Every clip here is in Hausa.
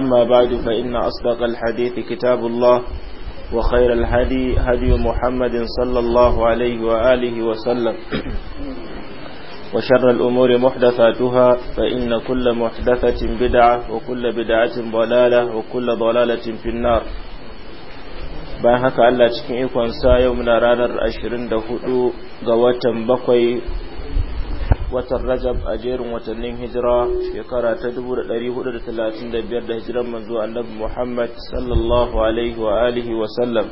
أما بعد فإن أصدق الحديث كتاب الله وخير الهدي هدي محمد صلى الله عليه وآله وسلم وشر الأمور محدثاتها فإن كل محدثة بدعة وكل بدعة ضلالة وكل ضلالة في النار bayan haka Allah cikin ikonsa yau muna ranar 24 ga watan bakwai watan rajab a jerin watannin hijira shekara ta 435 da hijirar manzo annabi muhammad sallallahu alaihi wa alihi wa sallam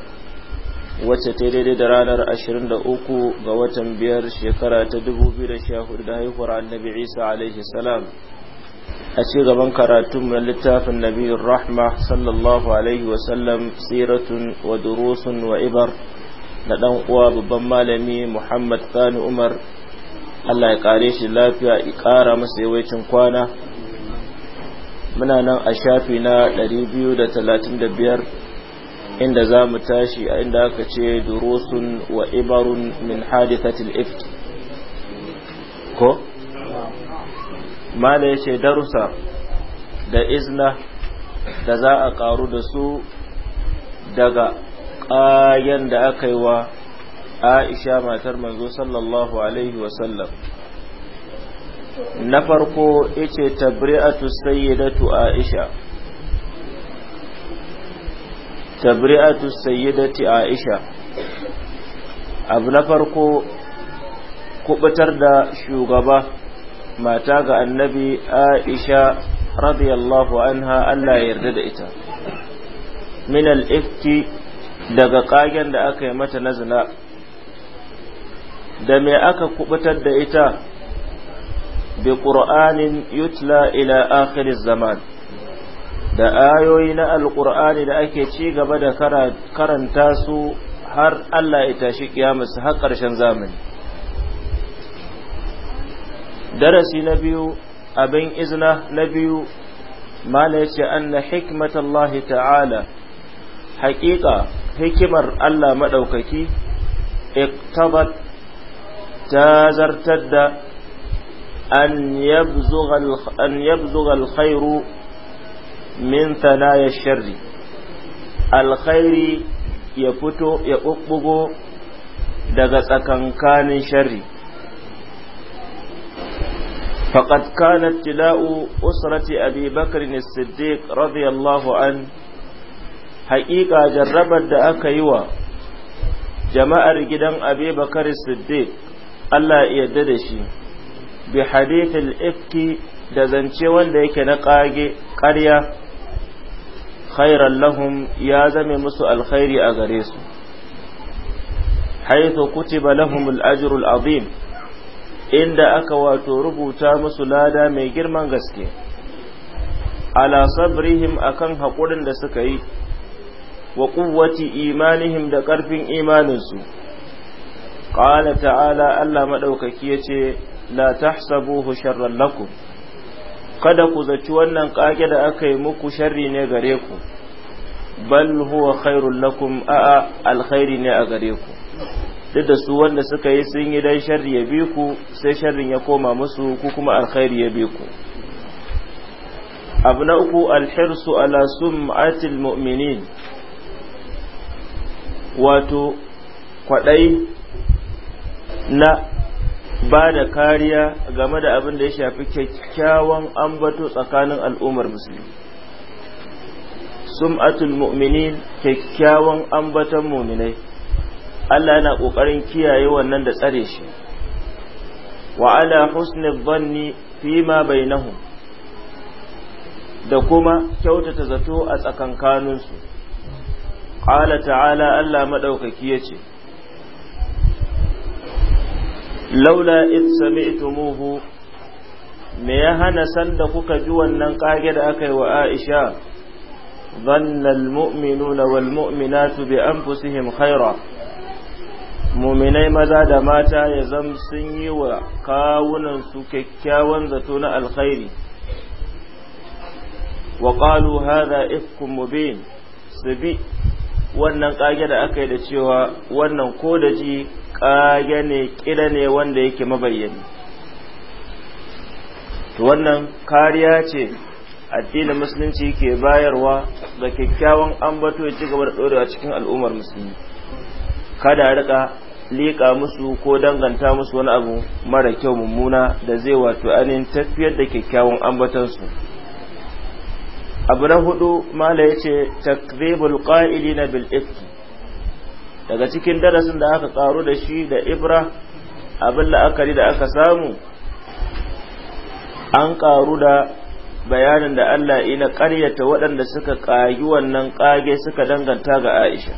wacce ta daidai da ranar 23 ga watan biyar shekara ta 2014 da haihuwar annabi isa alaihi salam a ci gaban karatun na littafin nabiyar rahma sallallahu alaihi wa sallam siratun wa durusun wa ibar na dan uwa babban malami muhammad Sani umar Allah ya kare shi lafiya ya kara masa yawaicin kwana muna nan a shafi na 235 inda za mu tashi a inda aka ce durusun wa ibarun min hadithatil ifk ko mala ya ce darusa da izna da za a karu da su daga kayan da aka yi wa aisha matar manzo sallallahu alaihi wasallam na farko yace tabri'atu sayyidatu aisha tabri'atu sayyidati aisha abu na farko kubutar da shugaba mata ga annabi aisha radiyallahu anha Allah ya yarda da ita minal al-ifki daga kagen da aka yi mata na zina da me aka kubutar da ita bi qur'anin yutla ila akhiriz zaman da ayoyi na alqur'ani da ake ci gaba da karanta su har Allah ya tashi kiyamarsa har ƙarshen zamani darasi na biyu abin izna na biyu mala yace anna hikmatallahi ta'ala haƙiƙa hikimar Allah madaukaki iktabat ta zartar da an yabzuga alkhairu min thanaya sharri alkhairi ya fito ya bubbugo daga tsakankanin sharri فقد كان ابتلاء أسرة أبي بكر الصديق رضي haƙiƙa عنه da aka yi wa Jama'ar gidan أبي بكر الصديق Allah ya yarda da shi bi hadithil ifki da zance wanda yake na kage ƙarya khairan lahum ya zame musu alkhairi a gare su haitha kutiba lahum al-ajru al-azim inda aka wato rubuta musu lada mai girman gaske ala sabrihim akan haƙurin da suka yi wa ƙuwwati imanihim da ƙarfin imaninsu qala ta'ala Allah madaukaki yace la tahsabuhu sharrar lakum kada ku zaci wannan kage da aka yi muku sharri ne gare ku bal huwa khairul lakum a'a alkhairi ne a gare ku duk da su wanda suka yi sun yi dan sharri ya bi ku sai sharrin ya koma musu ku kuma alkhairi ya bi ku abu na alhirsu ala sum'atil mu'minin wato kwadai na ba da kariya game da abin da ya shafi kyakkyawan ambato tsakanin al'ummar musulmi sum'atul mu'minin kyakkyawan ambaton muminai Allah na ƙoƙarin kiyaye wannan da tsare shi wa ala husnul dhanni fima bainahum da kuma kyautata zato a tsakankaninsu qala ta'ala Allah madaukaki ce. laula id sami'tumuhu me ya hana sanda kuka ji wannan kage da aka yi wa Aisha dhannal mu'minuna wal mu'minatu bi anfusihim khaira muminai maza da mata ya zam sun yi wa kawunan su kyakkyawan zato na alkhairi wa qalu hadha ifkum mubin su bi wannan kage da aka yi da cewa wannan ko da ji ƙage ne ƙira ne wanda yake mabayyani to wannan kariya ce addinin musulunci ke bayarwa ga kyakkyawan ambato ya ci gaba da dorewa cikin al'ummar musulmi kada a rika liƙa musu ko danganta musu wani abu mara kyau mummuna da zai wato ainihin tafiyar da kyakkyawan ambatansu abu na hudu mala ya ce takribul qa'ilina bil ifki daga cikin darasin da aka karu da shi da ibra abin la'akari da aka samu an karu da bayanin da Allah ina ƙaryata waɗanda suka ƙagi wannan ƙage suka danganta ga Aisha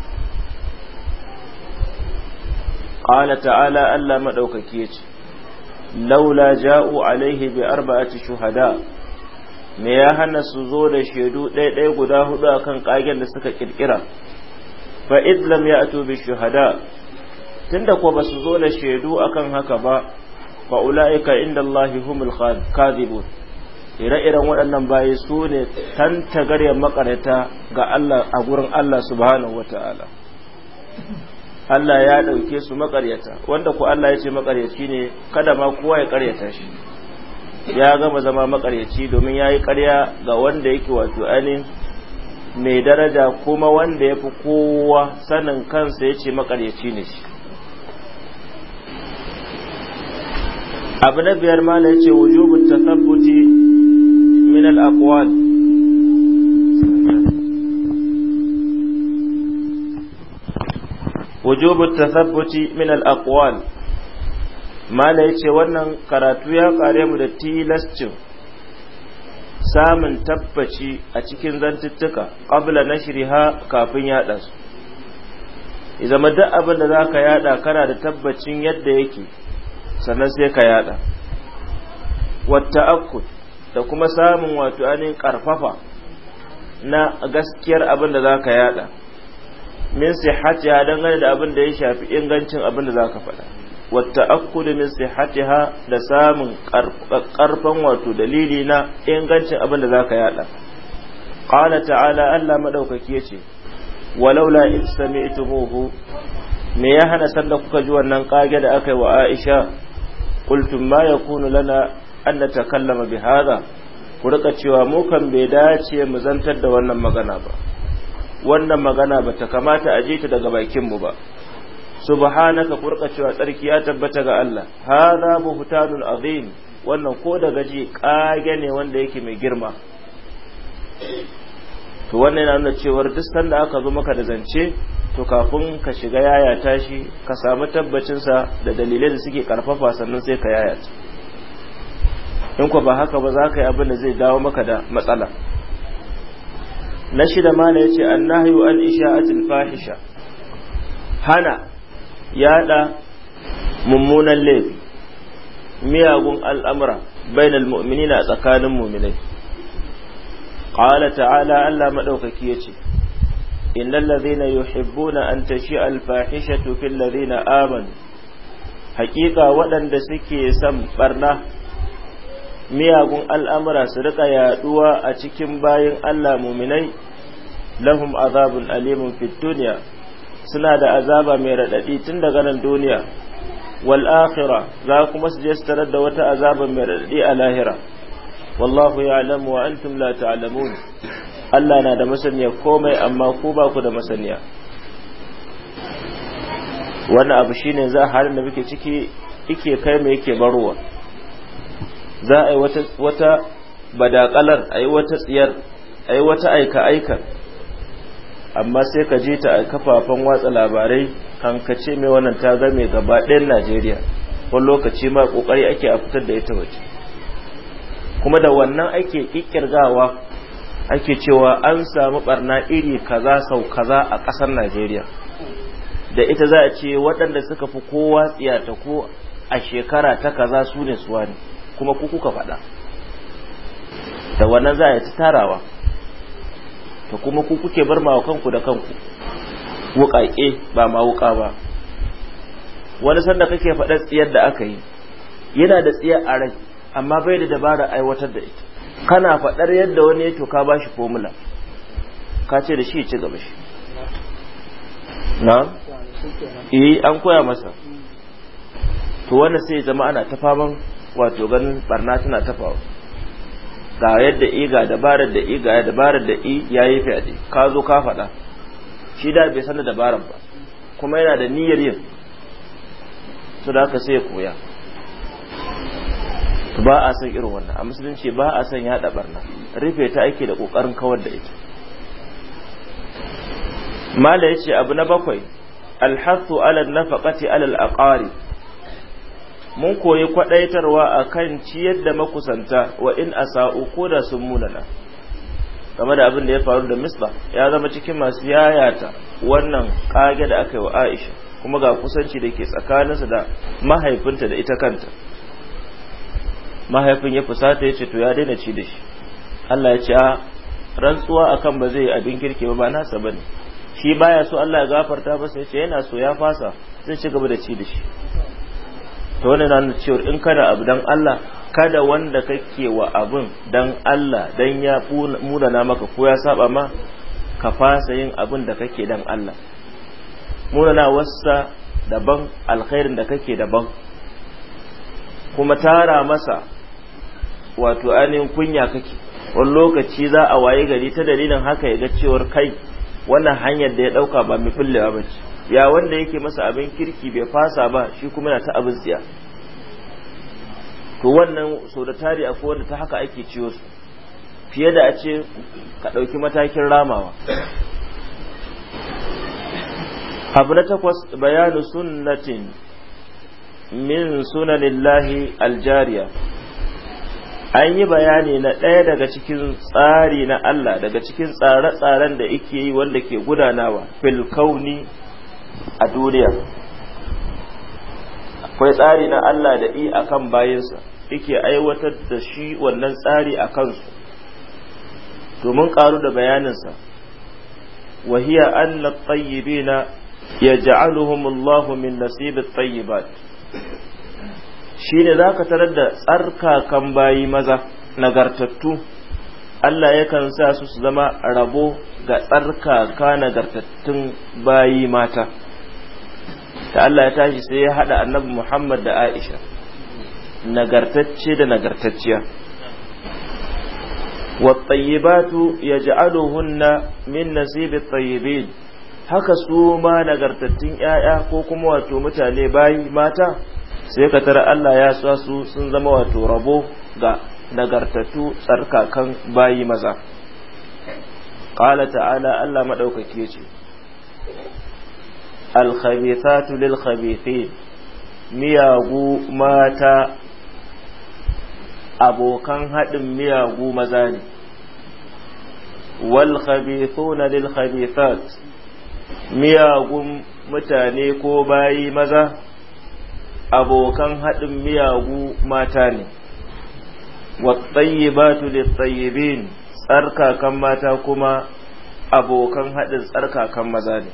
ƙala ta'ala Allah maɗaukaki ce laula ja'u alaihi bi arba'ati shuhada me ya hana su zo da shaidu ɗaya guda hudu akan ƙagen da suka ƙirƙira fa id ya ya'tu bi shuhada tunda ko basu zo da shaidu akan haka ba fa ulaika inda Allah humul kazibu ire-iren waɗannan bayi su ne garya makarata ga Allah a gurin Allah subhanahu wata'ala Allah ya ɗauke su makaryata wanda ku Allah ya ce makaryaci ne kada ma kowa ya karyata shi ya gama zama makaryaci domin ya yi karya ga wanda yake wato ainihin mai daraja kuma wanda ya fi kowa sanin kansa ya ce makaryaci ne shi abu na biyar ma na ce wujubu tasabbuti min al'akwal tasabbuti min al'akwal ma na ce wannan karatu ya kare mu da tilascin samun tabbaci a cikin zantuttuka ƙabla na shiriha kafin yaɗa su zama duk abin da za ka yaɗa kana da tabbacin yadda yake sannan sai ka yaɗa wata akkud da kuma samun wato ainihin ƙarfafa na gaskiyar abin da za ka yaɗa min sihatiya dangane da abin da ya shafi ingancin abin da za ka faɗa والتأكد من صحتها لسام قرفا وتدليلنا إن قلت أبن ذاك يألا قال تعالى ألا مدوك كيتي ولولا إذ سمعتموه ميهن سنكك جوا ننقاج لأك وآئشة قلتم ما يكون لنا أن نتكلم بهذا kurka cewa mu kan bai dace mu zantar da wannan magana ba wannan magana ba ta kamata a ta daga bakinmu ba subhanaka kurka cewa tsarki ya tabbata ga Allah hadha buhtanul azim wannan ko da gaji kage ne wanda yake mai girma to wannan yana nuna cewar duk sanda aka zo maka da zance to kafin ka shiga yaya tashi ka samu tabbacin sa da dalilai da suke karfafa sannan sai ka yaya in ko ba haka ba za ka yi abin da zai dawo maka da matsala na shida ne yace annahyu an isha'atil fahisha hana yada mummunan laifi miyagun al'amura bainal mu'minina na tsakanin muminai qala ta'ala Allah madaukaki yace innal ladhina yuhibbuna an tashi'a al tufin fil Aman, haƙiƙa waɗanda suke son barna miyagun al'amura su rika yaduwa a cikin bayan Allah muminai lahum azabun alimun fid duniya suna da azaba mai raɗaɗi tun daga nan duniya wal akhira za kuma su je su tarar da wata azaba mai raɗaɗi a lahira wallahu ya'lamu wa antum la ta'lamun Allah na da masaniya komai amma ku ba ku da masaniya wannan abu shine za halin da muke ciki yake kai mai yake barwa. za a yi wata wata badakalar a yi wata tsiyar a yi wata aika aika amma sai ka je ta a kafafen watsa labarai ce mai wannan ta zame gaba ɗayan najeriya wani lokaci ma ƙoƙari ake a fitar da ita waje kuma da wannan ake ƙirƙirgawa ake cewa an samu ɓarna iri kaza sau kaza a ƙasar najeriya da ita za a ce waɗanda suka fi kowa tsiyata ko a shekara ta kaza su ne suwa ne kuma ku kuka faɗa da wannan za a yi tarawa ta kuma ku kuke bar ma kanku da kanku wuƙaƙe eh, ba ma wuƙa ba wani sanda kake faɗa tsiyar da aka yi yana da tsiyar a rai amma bai da dabara aiwatar da ita kana faɗar yadda wani ya to ka bashi formula ka ce da shi ci gaba shi na eh an koya masa to wannan sai zama ana ta faman wato ganin barna tana tafawa ga yadda i ga dabarar da i ga dabarar da i ya yi fyaɗe ka zo ka faɗa shi da bai san da dabarar ba kuma yana da niyyar yin su da aka sai koya ba a san irin wannan a musulunci ba a san yaɗa na rufe ta ake da ƙoƙarin kawar da ita mala ya ce abu na bakwai alhathu ala nafaqati ala al mun koyi kwadaitarwa akan ciyar da makusanta wa in asa'u ko da sun munana game da abin da ya faru da misba ya zama cikin masu yayata wannan kage da aka yi wa aisha kuma ga kusanci da ke tsakaninsa da mahaifinta da ita kanta mahaifin ya fusata ya ce to ya daina ci da shi Allah ya ce a rantsuwa akan ba zai abin kirki ba ba sa bane shi baya so Allah ya gafarta ba sai ce yana so ya fasa zai ci gaba da ci da shi to wannan na nuna cewa in kada abu dan Allah kada wanda kake wa abun dan Allah dan ya munana maka ko ya saba ma ka fasa yin abin da kake dan Allah munana wasa daban alkhairin da kake daban kuma tara masa wato ainihin kunya kake wani lokaci za a waye gari ta dalilin haka ya ga cewar kai wannan hanyar da ya dauka ba mai fullewa ba ce ya wanda yake masa abin kirki bai fasa ba shi kuma na ta abin tsiya to wannan sau da tari akwai wanda ta haka ake ciwo su fiye da a ce ka ɗauki matakin ramawa abu na takwas bayanu sunnatin min sunanillahi aljariya an yi bayani na ɗaya daga cikin tsari na Allah daga cikin tsare-tsaren da ike yi wanda ke gudanawa filkauni a duniya akwai tsari na Allah da i akan bayinsa yake aiwatar da shi wannan tsari a kansu domin karu da bayaninsa wahiya anna tayyibina yaj'aluhum Allahu min Shi tayyibat za zaka tarar da tsarkakan bayi maza nagartattu Allah yakan sa su su zama rabo ga tsarkaka nagartattun bayi mata da Allah ya tashi sai ya hada annabi Muhammad da Aisha nagartacce da nagartacciya tayyibatu yaj'aluhunna min nasibi tayyibin haka su ma nagartattun ƴaƴa ko kuma wato mutane bayi mata sai ka tara Allah ya sa su sun zama wato rabo ga nagartattu tsarkakan bayi maza qala ta'ala Allah madaukake ce alkhabithatu lil khabithin miyagu mata abokan haɗin miyagu maza ne wal khabithuna lil khabithat miyagun mutane ko bayi maza abokan haɗin miyagu mata ne wattayyibatu littayyibin tsarkakan mata kuma abokan haɗin tsarkakan maza ne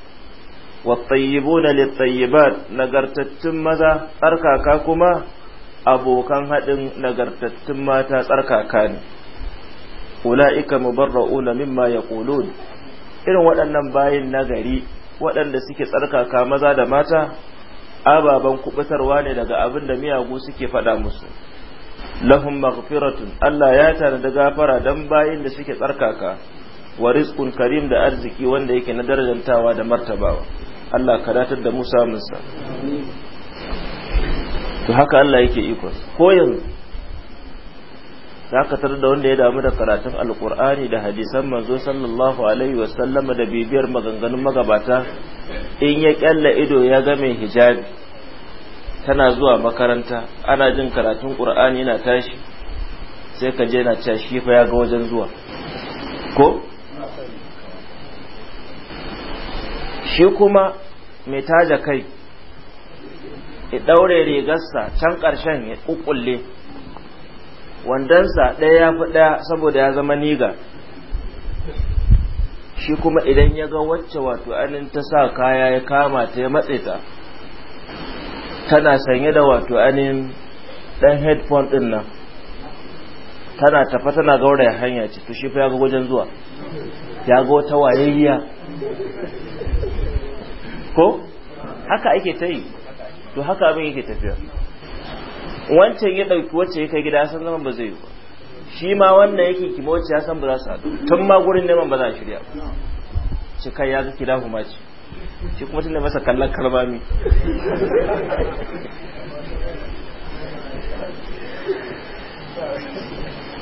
wattayyibuna littayyibat nagartattun maza tsarkaka kuma abokan haɗin nagartattun mata tsarkaka ne ula'ika mubarra'una mimma yaqulun irin waɗannan bayin nagari waɗanda suke tsarkaka maza da mata ababan kubutarwa ne daga abin da miyagu suke faɗa musu lahum maghfiratun Allah ya tanada gafara dan bayin da suke tsarkaka wa rizqun karim da arziki wanda yake na darajantawa da martabawa Allah ka datar da mu samunsa to haka Allah yake ikon ko yanzu zaka tar da wanda ya damu da karatun alkur'ani da hadisan manzo sallallahu alaihi wa da bibiyar maganganun magabata in ya kalla ido ya ga mai hijabi tana zuwa makaranta ana jin karatun qur'ani yana tashi sai ka je na cewa shi fa ya ga wajen zuwa ko shi kuma mai taja kai ya ɗaure rigarsa can ƙarshen ya ƙuƙulle wandonsa ɗaya ya fi ɗaya saboda ya zama niga shi kuma idan ya ga wacce wato anin ta sa kaya ya kama ta ya matse ta tana sanye da wato anin ɗan headphone ɗin nan tana tafa tana gauraya hanya ce to shi fa ya ga wajen zuwa ya ga wata wayayya ko haka ake ta yi to haka abin yake tafiya wancan ya ɗauki wacce ya kai gida san zaman ba zai yi ba shi ma wannan yake kima wacce ya san ba za su haɗu tun ma gurin neman ba za a shirya shi kai ya zaki dahu ma ce shi kuma tun da masa kallon mi.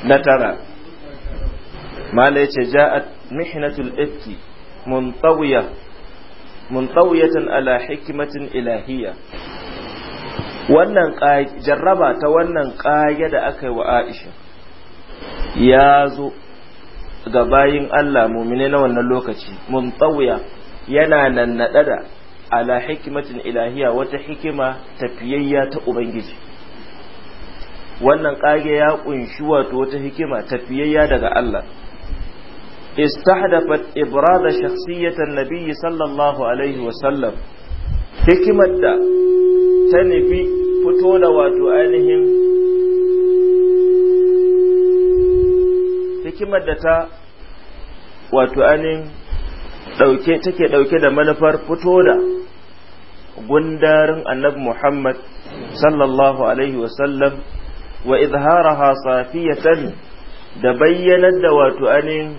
na tara mala ya ce ja'at mihnatul mun muntawiya muntawiyatan ala hikimatin ilahiyya wannan jarraba ta wannan ƙage da aka yi wa Aisha ya zo ga bayin Allah mumine na wannan lokaci muntawiya yana nan naɗa da ala hikimatin ilahiya wata hikima tafiyayya ta Ubangiji wannan ƙage ya ƙunshi wato wata hikima tafiyayya daga Allah استحدثت إبراد شخصية النبي صلى الله عليه وسلم hikimar da ta nufi fito da wato ta ɗauke take ɗauke da manufar fito da gundarin annabi Muhammad sallallahu alaihi wasallam wa izharaha safiyatan da bayyanar da wato ainihin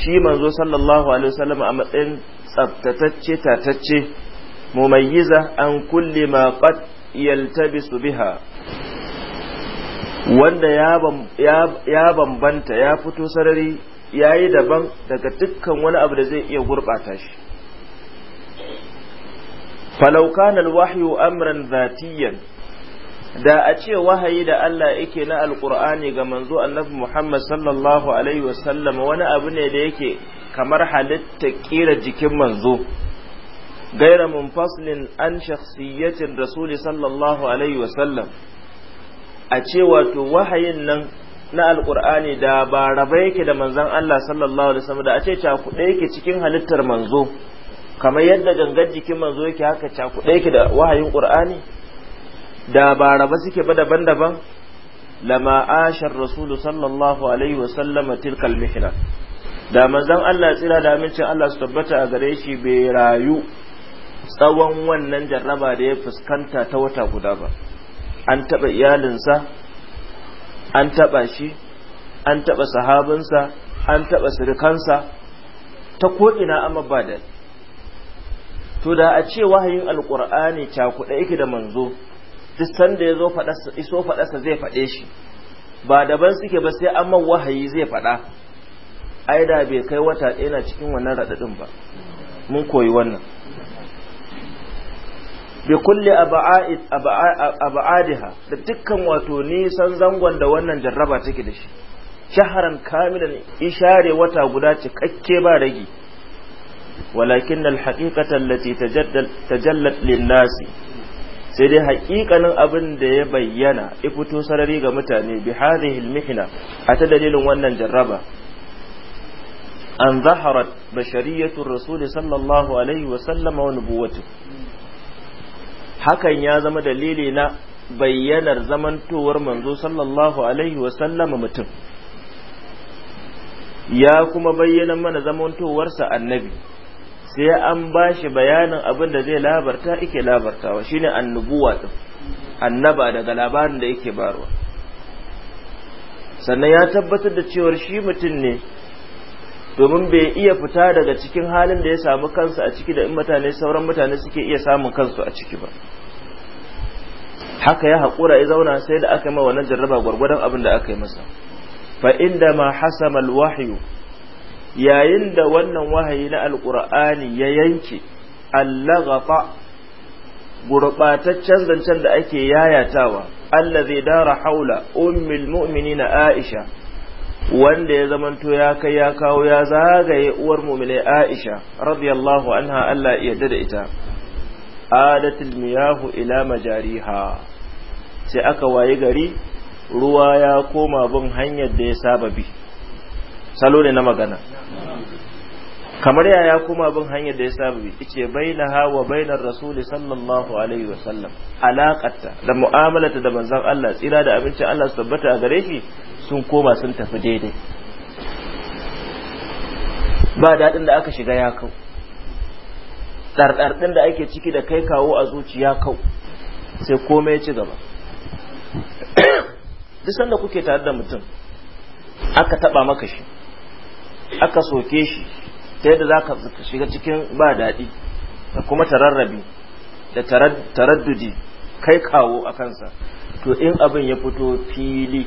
shi manzo sallallahu alaihi wasallam a matsayin tsaftatacce tatacce mumayyiza an kulli ma qad yaltabisu biha wanda ya bambanta ya fito sarari ya yi daban daga dukkan wani abu da zai iya gurɓata shi falaukan alwahyu amran zatiyan da a ce wahayi da Allah yake na Alƙur'ani ga manzo annabi Muhammad sallallahu alaihi wasallam wani abu ne da yake kamar halitta kira jikin manzo gaira munfaslin an shakhsiyatin rasuli sallallahu alaihi wasallam a ce wato wahayin nan na Alƙur'ani da ba raba yake da manzon Allah sallallahu alaihi wasallam da a ce cakuɗe yake cikin halittar manzo kamar yadda gangar jikin manzo yake haka cakuɗe yake da wahayin ƙur'ani. da ba raba suke ba daban-daban lama ashar rasulu sallallahu alaihi wasallama tilkal mihna da manzon Allah tsira da amincin Allah su tabbata a gare shi bai rayu tsawon wannan jarraba da ya fuskanta ta wata guda ba an taɓa iyalinsa an taɓa shi an taɓa sahabinsa an taɓa sirikansa ta ko'ina amma ba da to da a ce wahayin alkur'ani cakuɗa yake da manzo duk sanda ya zo iso faɗarsa zai faɗe shi ba daban suke ba sai an man wahayi zai faɗa ai da bai kai wata ɗaya na cikin wannan raɗaɗin ba mun koyi wannan bi kulli aba'adiha da dukkan wato nisan zangon da wannan jarraba take da shi shaharan kamilan ishare wata guda cikakke ba ragi walakin alhaqiqatan allati tajallat lin-nasi sai dai haƙiƙanin abin da ya bayyana ya fito sarari ga mutane bi hadhihi hilmihina a ta dalilin wannan jarraba an zaharat bashariyatu rasul sallallahu alaihi wa sallama wa nubuwatu hakan ya zama dalili na bayyanar zamantowar manzo sallallahu alaihi wa sallama mutum ya kuma bayyana mana zamantowarsa annabi sai an ba shi bayanin abin da zai labarta yake labartawa shine annubuwa din annaba daga labarin da yake barwa sannan ya tabbatar da cewar shi mutum ne domin bai iya fita daga cikin halin da ya samu kansa a ciki da in mutane sauran mutane suke iya samun kansu a ciki ba haka ya haƙura ya zauna sai da aka yi ma wannan jarraba gwargwadon abin da aka yi masa fa inda ma hasama alwahyu yayin da wannan wahayi na alqur'ani ya yanke allagafa gurbataccen zancen da ake yayatawa zai dara haula ummul mu'minina aisha wanda ya zamanto ya kai ya kawo ya zagaye uwar Muminai aisha radiyallahu anha Allah ya yarda da ita adatul miyahu ila majariha sai aka waye gari ruwa ya koma bin hanyar da ya saba bi salo ne na magana kamar yaya kuma bin hanyar da ya saba bi ce bainaha wa bainar rasuli sallallahu alaihi Sallam. alaqatta da mu'amalata da manzan Allah tsira da abinci Allah su tabbata a gare shi sun koma sun tafi daidai ba daɗin da aka shiga ya kau ɗarɗarɗin da ake ciki da kai kawo a zuciya kau sai komai ya ci gaba duk sanda kuke tare da mutum aka taɓa maka shi aka soke shi ta yadda za ka shiga cikin ba daɗi da kuma tararrabi da taraddudi kai kawo a kansa to in abin ya fito fili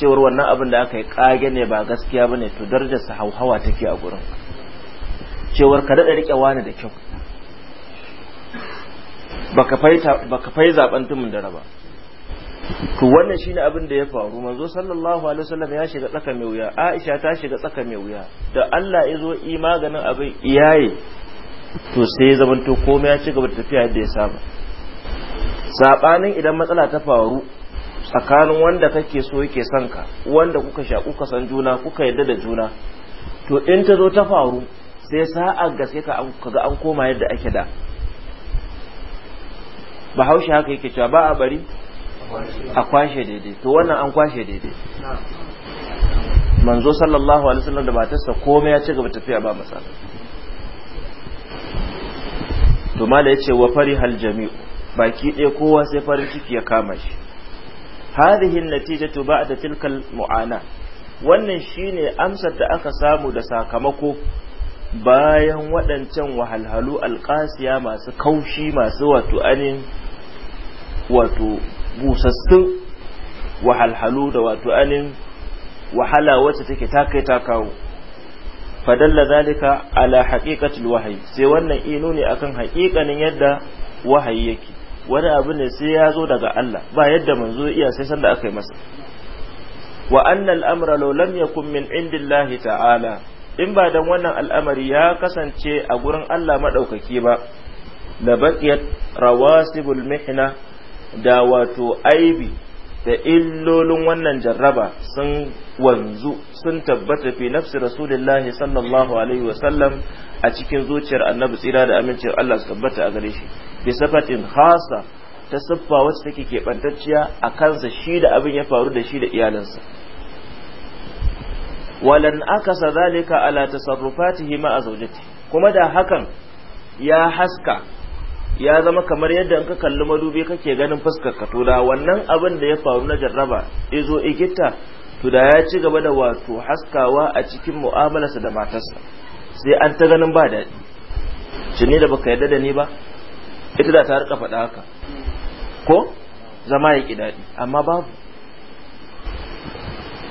cewar wannan abin da aka yi ƙage ne ba gaskiya ba ne to sa hauhawa take a gurin cewar ka daɗa riƙe wani da kyau baka fai zaɓen tumin da raba to wannan shine abin da ya faru manzo sallallahu alaihi wasallam ya shiga tsaka mai wuya Aisha ta shiga tsaka mai wuya da Allah ya zo yi maganin abin iyaye to sai ya zamanto komai ya ci gaba da tafiya yadda ya saba sabanin idan matsala ta faru tsakanin wanda kake so yake son ka wanda kuka shaku ka san juna kuka yadda da juna to in ta zo ta faru sai sa'a gaske ka ga an koma yadda ake da bahaushe haka yake cewa ba a bari a kwashe daidai to wannan an kwashe daidai manzo sallallahu alaihi wasallam da matarsa komai ya ci gaba tafiya ba masa to mala yace wa farihal jami'u baki ɗaya kowa sai farin ciki ya kama shi hadhihi natijatu ba'da tilka mu'ana wannan shine amsar da aka samu da sakamako bayan waɗancan wahalhalu alƙasiya masu kaushi masu wato anin wato busassun wahalhalu da wato anin wahala wacce take ta ta kawo fadalla zalika ala haqiqatil wahayi sai wannan ino ne akan haƙiƙanin yadda wahayi yake wani abu ne sai ya zo daga Allah ba yadda manzo iya sai sanda aka yi masa wa anna al'amra law lam yakun min indillahi ta'ala in ba dan wannan al'amari ya kasance a gurin Allah madaukaki ba la baqiyat rawasibul mihna da wato aibi da illolin wannan jarraba sun wanzu sun tabbata fi nafsi rasulullahi sallallahu alaihi wasallam a cikin zuciyar annabi tsira da amincin Allah su tabbata a gare shi bi safatin hasa ta siffa wacce take ɓantacciya a kansa shi da abin ya faru da shi da iyalansa. walan akasa zalika ala tasarrufatihi ma a zaujati kuma da hakan ya haska ya zama kamar yadda in ka kalli madubi kake ganin fuskar ka to da wannan abin da ya faru na jarraba izo igitta to da ya ci gaba da wato haskawa a cikin mu'amalarsa da matarsa sai an ta ganin ba daɗi cinni da baka yarda da ni ba ita da ta rika faɗa haka ko zama ya ki daɗi amma babu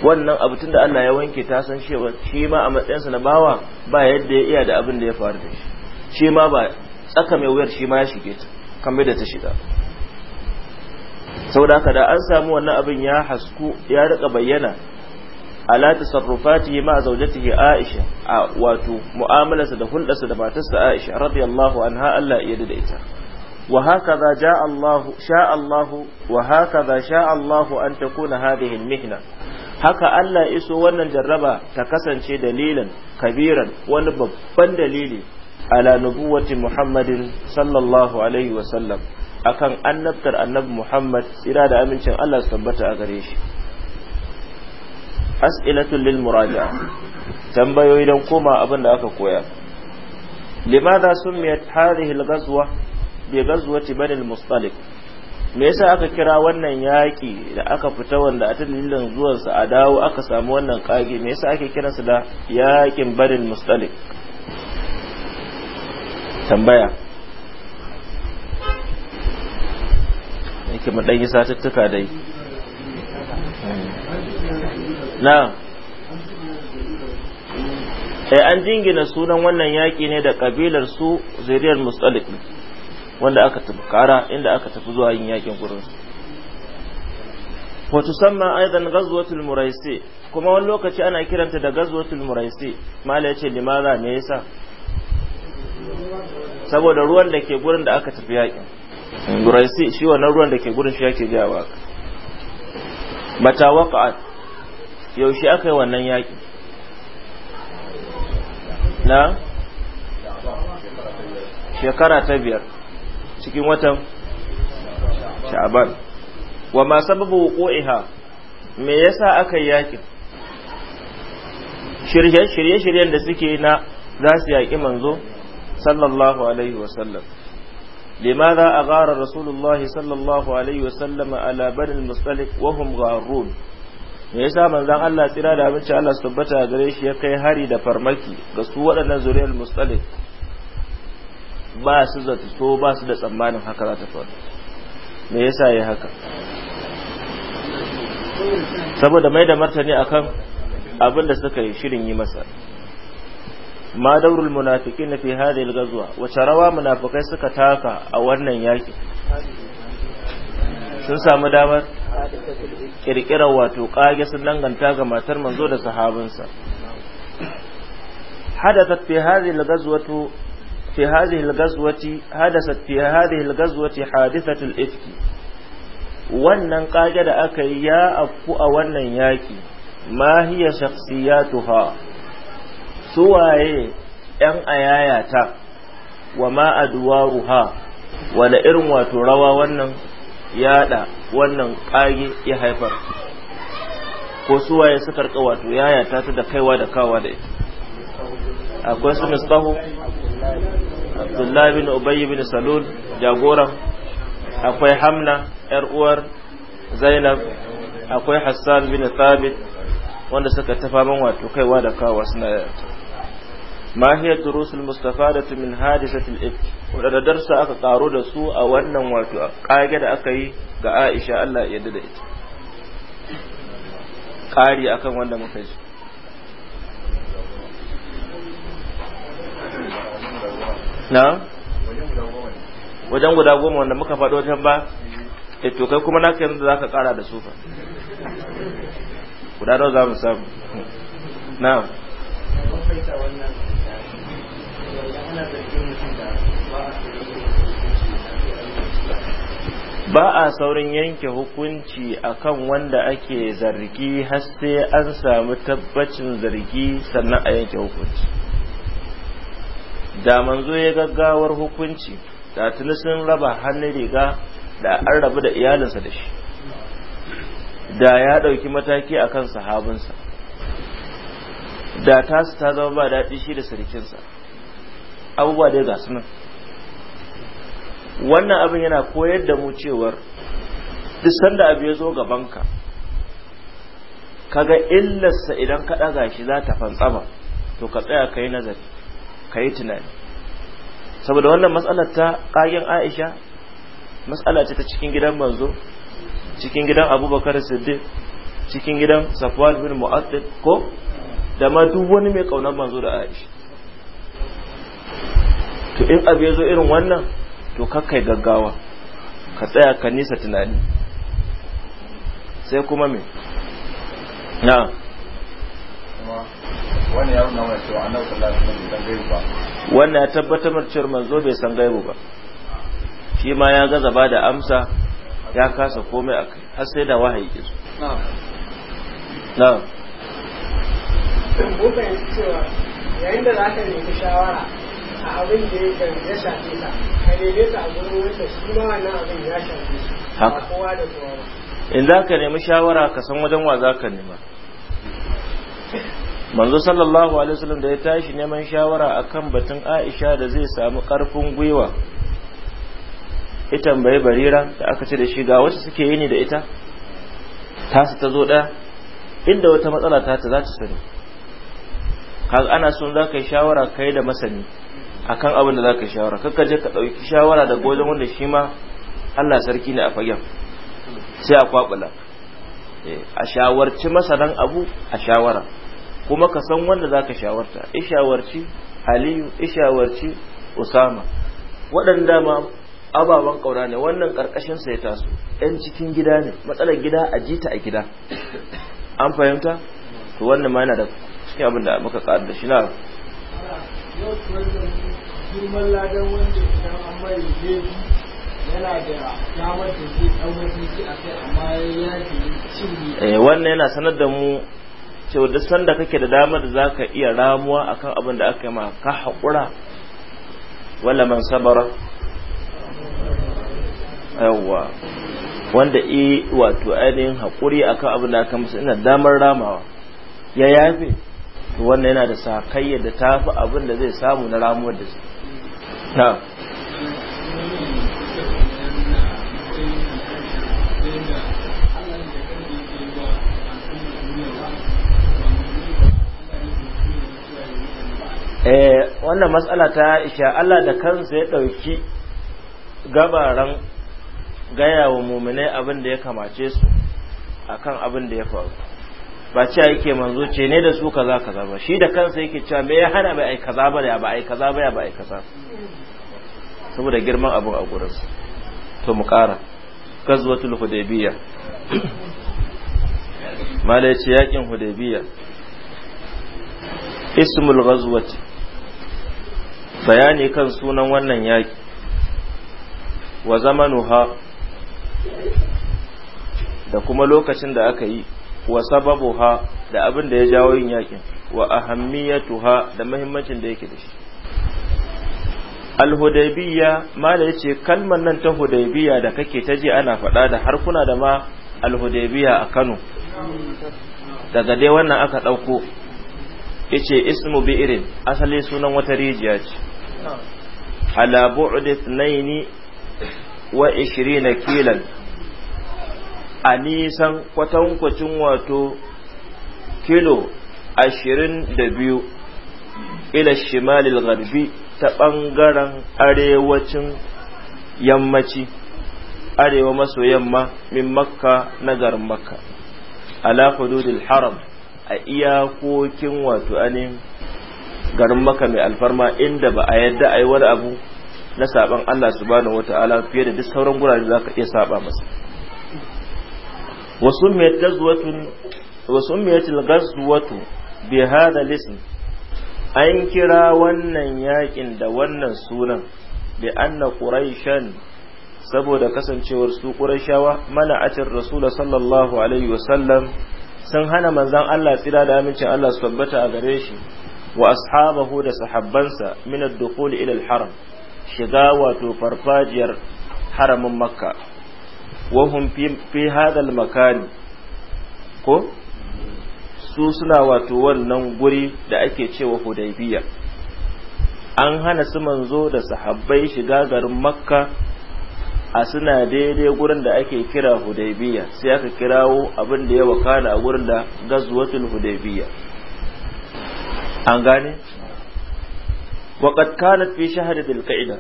wannan abu tunda Allah ya wanke ta san cewa shi ma a matsayinsa na bawa ba yadda ya iya da abin da ya faru da shi shi ma ba tsaka mai wuyar shi ma ya shige ta kamar da ta shiga saboda haka da an samu wannan abin ya hasku ya rika bayyana ala sarrufati ma ke Aisha a wato mu'amalarsa da hulɗarsa da matarsa Aisha radiyallahu ha Allah ya da ita wa hakaza jaa Allah sha Allah wa hakaza sha Allah an takuna kuna al-mihna haka Allah iso wannan jarraba ta kasance dalilan kabiran wani babban dalili ala nubuwati muhammadin sallallahu alaihi wasallam akan annabtar annabi muhammad tsira da amincin allah su tabbata a gare shi as'ilatul lil muraja tambayoyi don koma abin da aka koya limadha sumiyat hadhihi al-ghazwa bi ghazwati bani al-mustalik me yasa aka kira wannan yaƙi da aka fita wanda a dalilin zuwansa a dawo aka samu wannan ƙage me yasa ake kiransa da yaƙin barin mustalik tambaya yake mu ɗan yi satuttuka dai na e eh, an jingina sunan wannan yaƙi ne da ƙabilar su zuriyar mustalik wanda aka tafi kara inda aka tafi zuwa yin yaƙin gurin wa tusamma aidan ghazwatul muraisi kuma wani lokaci ana kiranta da ghazwatul muraisi mala yace limaza me yasa saboda ruwan da ke gurin da aka tafi yakin guraisi shi wannan ruwan da ke gurin shi yake jawa wa mata waqa'at yaushe aka yi wannan yakin na shekara ta biyar cikin watan sha'aban wa ma sababu wuqu'iha me yasa aka yi yakin shirye-shiryen da suke na za su yaƙi manzo sallallahu alaihi wasallam لماذا أغار رسول الله صلى الله عليه وسلم على بني المصطلق وهم غارون me yasa manzon Allah tsira da abinci Allah su tabbata gare shi ya kai hari da farmaki ga su waɗannan zuriyar mustalik ba su zato ba su da tsammanin haka za ta faru me ya haka saboda mai da martani akan abin da suka yi shirin yi masa ma daurul munafiqin fi hadhihi al-ghazwa wa rawa munafikai suka taka a wannan yaki sun samu damar kirkirar wato kage sun danganta ga matar manzo da sahabinsa hadathat fi hadhihi al-ghazwati fi hadhihi al-ghazwati hadathat fi hadhihi al-ghazwati hadithatu al-ifki wannan kage da aka yi ya afku a wannan yaki ma hiya shakhsiyatuha suwaye ‘yan ayayata wa ma'aduwa ruha wani irin wato rawa wannan yada wannan kage ya haifar ko suwaye suka rika wato yayata ta da kaiwa da kawa da ita akwai su misbahu abdullahi bin ubayi bin salul jagoran akwai hamna ‘yar uwar zainab akwai hassan bin thabit wanda suka tafa man wato kaiwa da kawa suna yayata ma hiya durusul mustafadatu min hadisatil ifk wadanda darsa aka karo da su a wannan wato kage da aka yi ga Aisha Allah ya yarda da ita kari akan wanda muka ji na wajen guda goma wanda muka faɗo wajen ba e to kai kuma naka yanzu zaka kara da sufa guda nawa za mu samu na. ba a saurin yanke hukunci akan wanda ake zargi har sai an samu tabbacin zargi sannan a yanke hukunci da manzo ya gaggawar hukunci da tuni sun raba hannun riga da an rabu da iyalinsa da shi da ya ɗauki mataki akan sahabinsa da tasu ta zama ba daɗi shi da sarkinsa abubuwa da ga sunan wannan abin yana koyar da mu cewar duk sanda abu ya zo gabanka kaga illarsa idan ka ɗaga shi za ta fantsama to ka tsaya ka yi nazari ka tunani saboda wannan matsalar ta ƙagen aisha matsala ce ta cikin gidan manzo cikin gidan abubakar siddiq cikin gidan safwan bin mu'addid ko da ma duk wani mai ƙaunar manzo da aisha to in abu ya zo irin wannan to kakai gaggawa ka tsaya ka nisa tunani sai kuma me na wannan ya ba wannan ya tabbatar marciyar manzo bai san gaibu ba shi ma ya gaza ba da amsa ya kasa komai a kai har sai da wahayi ke su na yayin da za ka nemi shawara a abin da ya shafe ta, ka neme ta a gurin wanda shi ma wannan abin ya shafe shi ba kowa da kowa ba in za ka nemi shawara ka san wajen wa za ka nema manzo sallallahu alaihi wasallam da ya tashi neman shawara akan batun Aisha da zai samu karfin gwiwa ita tambayi barira da aka ce da shi ga wasu suke yini da ita tasu ta zo ɗaya inda wata matsala ta ta za ta sani kaga ana son za ka yi shawara kai da masani akan abin da za ka shawara kakka je ka ɗauki shawara daga wajen wanda shi ma allah sarki ne a fagen sai a kwaɓula eh, a shawarci masanan abu a shawara kuma ka san wanda za ka shawarta ishawarci aliyu ishawarci usama waɗanda ma ababen ƙaura ne wannan ƙarƙashinsa ya taso ‘yan cikin gida ne matsalar gida a jita a gida an fahimta to wannan ma yana da cikin abin da muka ƙaru da shi na yau girman ladan wanda idan an mai yana da damar da zai ɗaukar a kai amma ya eh, wannan yana sanar da mu cewa duk sanda kake da damar da za ka iya ramuwa akan abin da aka yi ma ka haƙura wala man sabara yawwa wanda i wato ainihin haƙuri akan abin da aka masa ina damar ramawa ya yafe to wannan yana da sakayyar da ta fi abin da zai samu na ramuwar da na eh, wannan matsala ta isha Allah da kansa ya ɗauki gabaran gaya wa muminai abin da ya kamace su akan abin da ya faru ba ce yake manzo ce ne da su kaza kaza ba shi da kansa yake cewa me ya hana bai ai kaza ba ya ba ai kaza ba ya ba ai kaza saboda girman abin a gurin to mu kara gazwatul hudaybiya mala yace yakin hudaybiya ismul ghazwati bayani kan sunan wannan yaki wa zamanuha da kuma lokacin da aka yi wa sababuha da abin da ya jawo yin yakin wa ahammiyatuha da muhimmancin da yake da shi al-hudaybiyya ma da yace kalmar nan ta hudaybiyya da kake ta je ana faɗa da harkuna da ma al-hudaybiyya a Kano daga dai wannan aka ɗauko yace ismu bi'irin asali sunan wata rijiya ce ala bu'd 22 kilan a nisan kwatankwacin wato kilo ashirin da biyu ila shimalil garbi ta ɓangaren arewacin yammaci arewa maso yamma min makka na garin makka ala hududil haram a iyakokin wato anin garin maka mai alfarma inda ba a yadda a yi wani abu na saban Allah subhanahu ta'ala fiye da duk sauran gurare za ka iya saba masa وسميت غزوة وسميت الغزوة بهذا الاسم أن كرا ونن ياكن دا ونن سونا لأن قريشا saboda kasancewar su Qurayshawa mana'atin Rasul sallallahu alaihi wasallam sun hana manzon Allah tsira da amincin Allah su tabbata a gare shi wa ashabahu da sahabbansa min ad-dukhul ila al-haram shiga wato farfajiyar haramin Makka wahum fi hadal makani ko su suna wato wannan guri da ake cewa hudaybiya an hana su manzo da sahabbai shiga garin makka a suna daidai gurin da ake kira hudaybiya sai aka kirawo abin da ya wakana a gurin da gazwatul hudaybiya an gane waqad kanat fi شهر dhil القعدة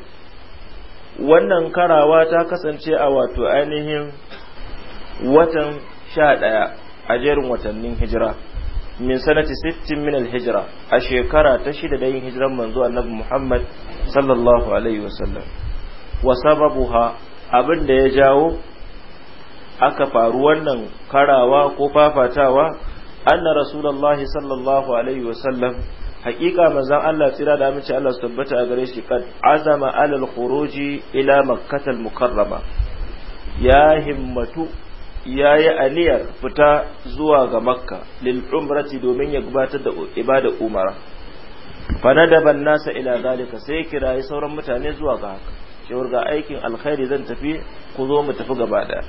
wannan karawa ta kasance a wato ainihin watan sha ɗaya a jerin watannin hijira min sanati sittin min hijira a shekara ta shida da yin hijiran manzo annabi Muhammad sallallahu alaihi wasallam wa sababuha abin da ya jawo aka faru wannan karawa ko fafatawa anna rasulullahi sallallahu alaihi wasallam hakika manzon Allah tsira da amince Allah su tabbata a gare shi kad azama alal khuruji ila makkah al mukarrama ya himmatu ya yi aniyar fita zuwa ga makka lil umrati domin ya gabatar da ibada umara fanadaban nasa ila zalika sai kirayi sauran mutane zuwa ga haka cewar ga aikin alkhairi zan tafi ku zo mu tafi gaba da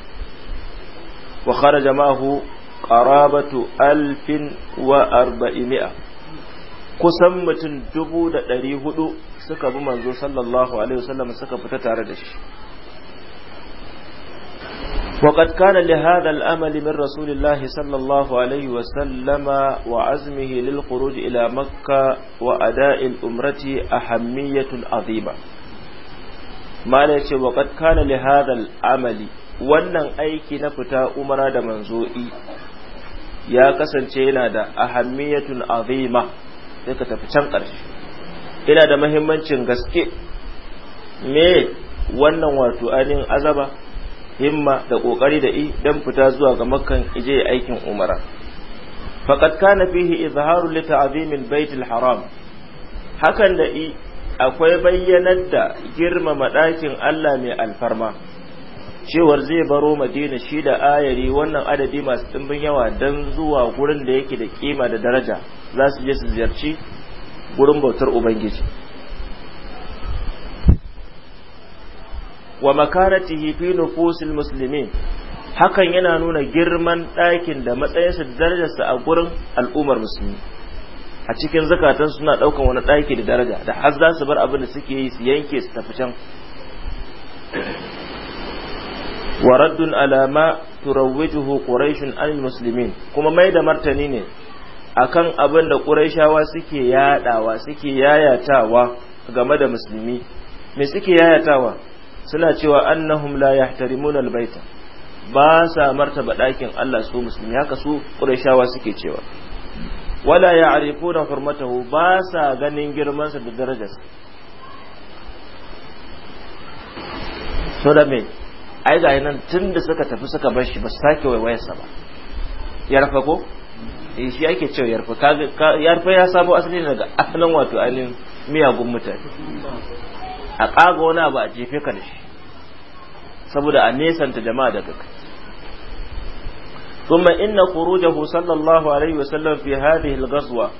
wa kharaja mahu qarabatu alfin wa arbaimi'a kusan mutum dubu da ɗari hudu suka bi manzo sallallahu alaihi wasallam suka fita tare da shi وقد كان لهذا الأمل من رسول الله صلى الله عليه وسلم وعزمه للخروج إلى مكة وأداء الأمرة أهمية عظيمة ما وقد كان لهذا الأمل wannan aiki na fita umra da manzo'i ya kasance yana da ahammiyatun azima sai ka tafi can ƙarshe ina da mahimmancin gaske me wannan wato ainihin azaba himma da ƙoƙari da i don fita zuwa ga makkan ije aikin umara faqad kana fihi izharu li ta'zimil baitil haram hakan da i akwai bayyanar da girmama ɗakin Allah mai alfarma cewar zai baro madina shi da ayari wannan adadi masu ɗimbin yawa don zuwa gurin da yake da kima da daraja za su je su ziyarci gurin bautar ubangiji wa makaratihi fi nufusil muslimin hakan yana nuna girman ɗakin da matsayinsa da darajarsa a gurin al'ummar musulmi a cikin zakatan suna ɗaukan wani ɗaki da daraja da har za su bar abin da suke yi su yanke su tafi can wa raddun alama turawwijuhu quraishun an muslimin kuma mai da martani ne akan abin da quraishawa suke yadawa suke yayatawa game da musulmi me suke yayatawa suna cewa annahum la yahtarimuna albayta ba sa martaba dakin Allah su musulmi haka su quraishawa suke cewa wala ya'rifuna hurmatahu ba sa ganin girman sa da darajarsa so da me ai ga nan tun da suka tafi suka bar shi ba su sake waiwayarsa ba ya rafa ko in eh, shi ake cewa yarfa yarfa ya sabo asali daga asalin wato ainihin miyagun mutane a kaga wani abu a jefe ka da shi saboda a nesanta jama'a daga kai ثم إن خروجه Sallallahu alaihi عليه fi hadhihi al-ghazwa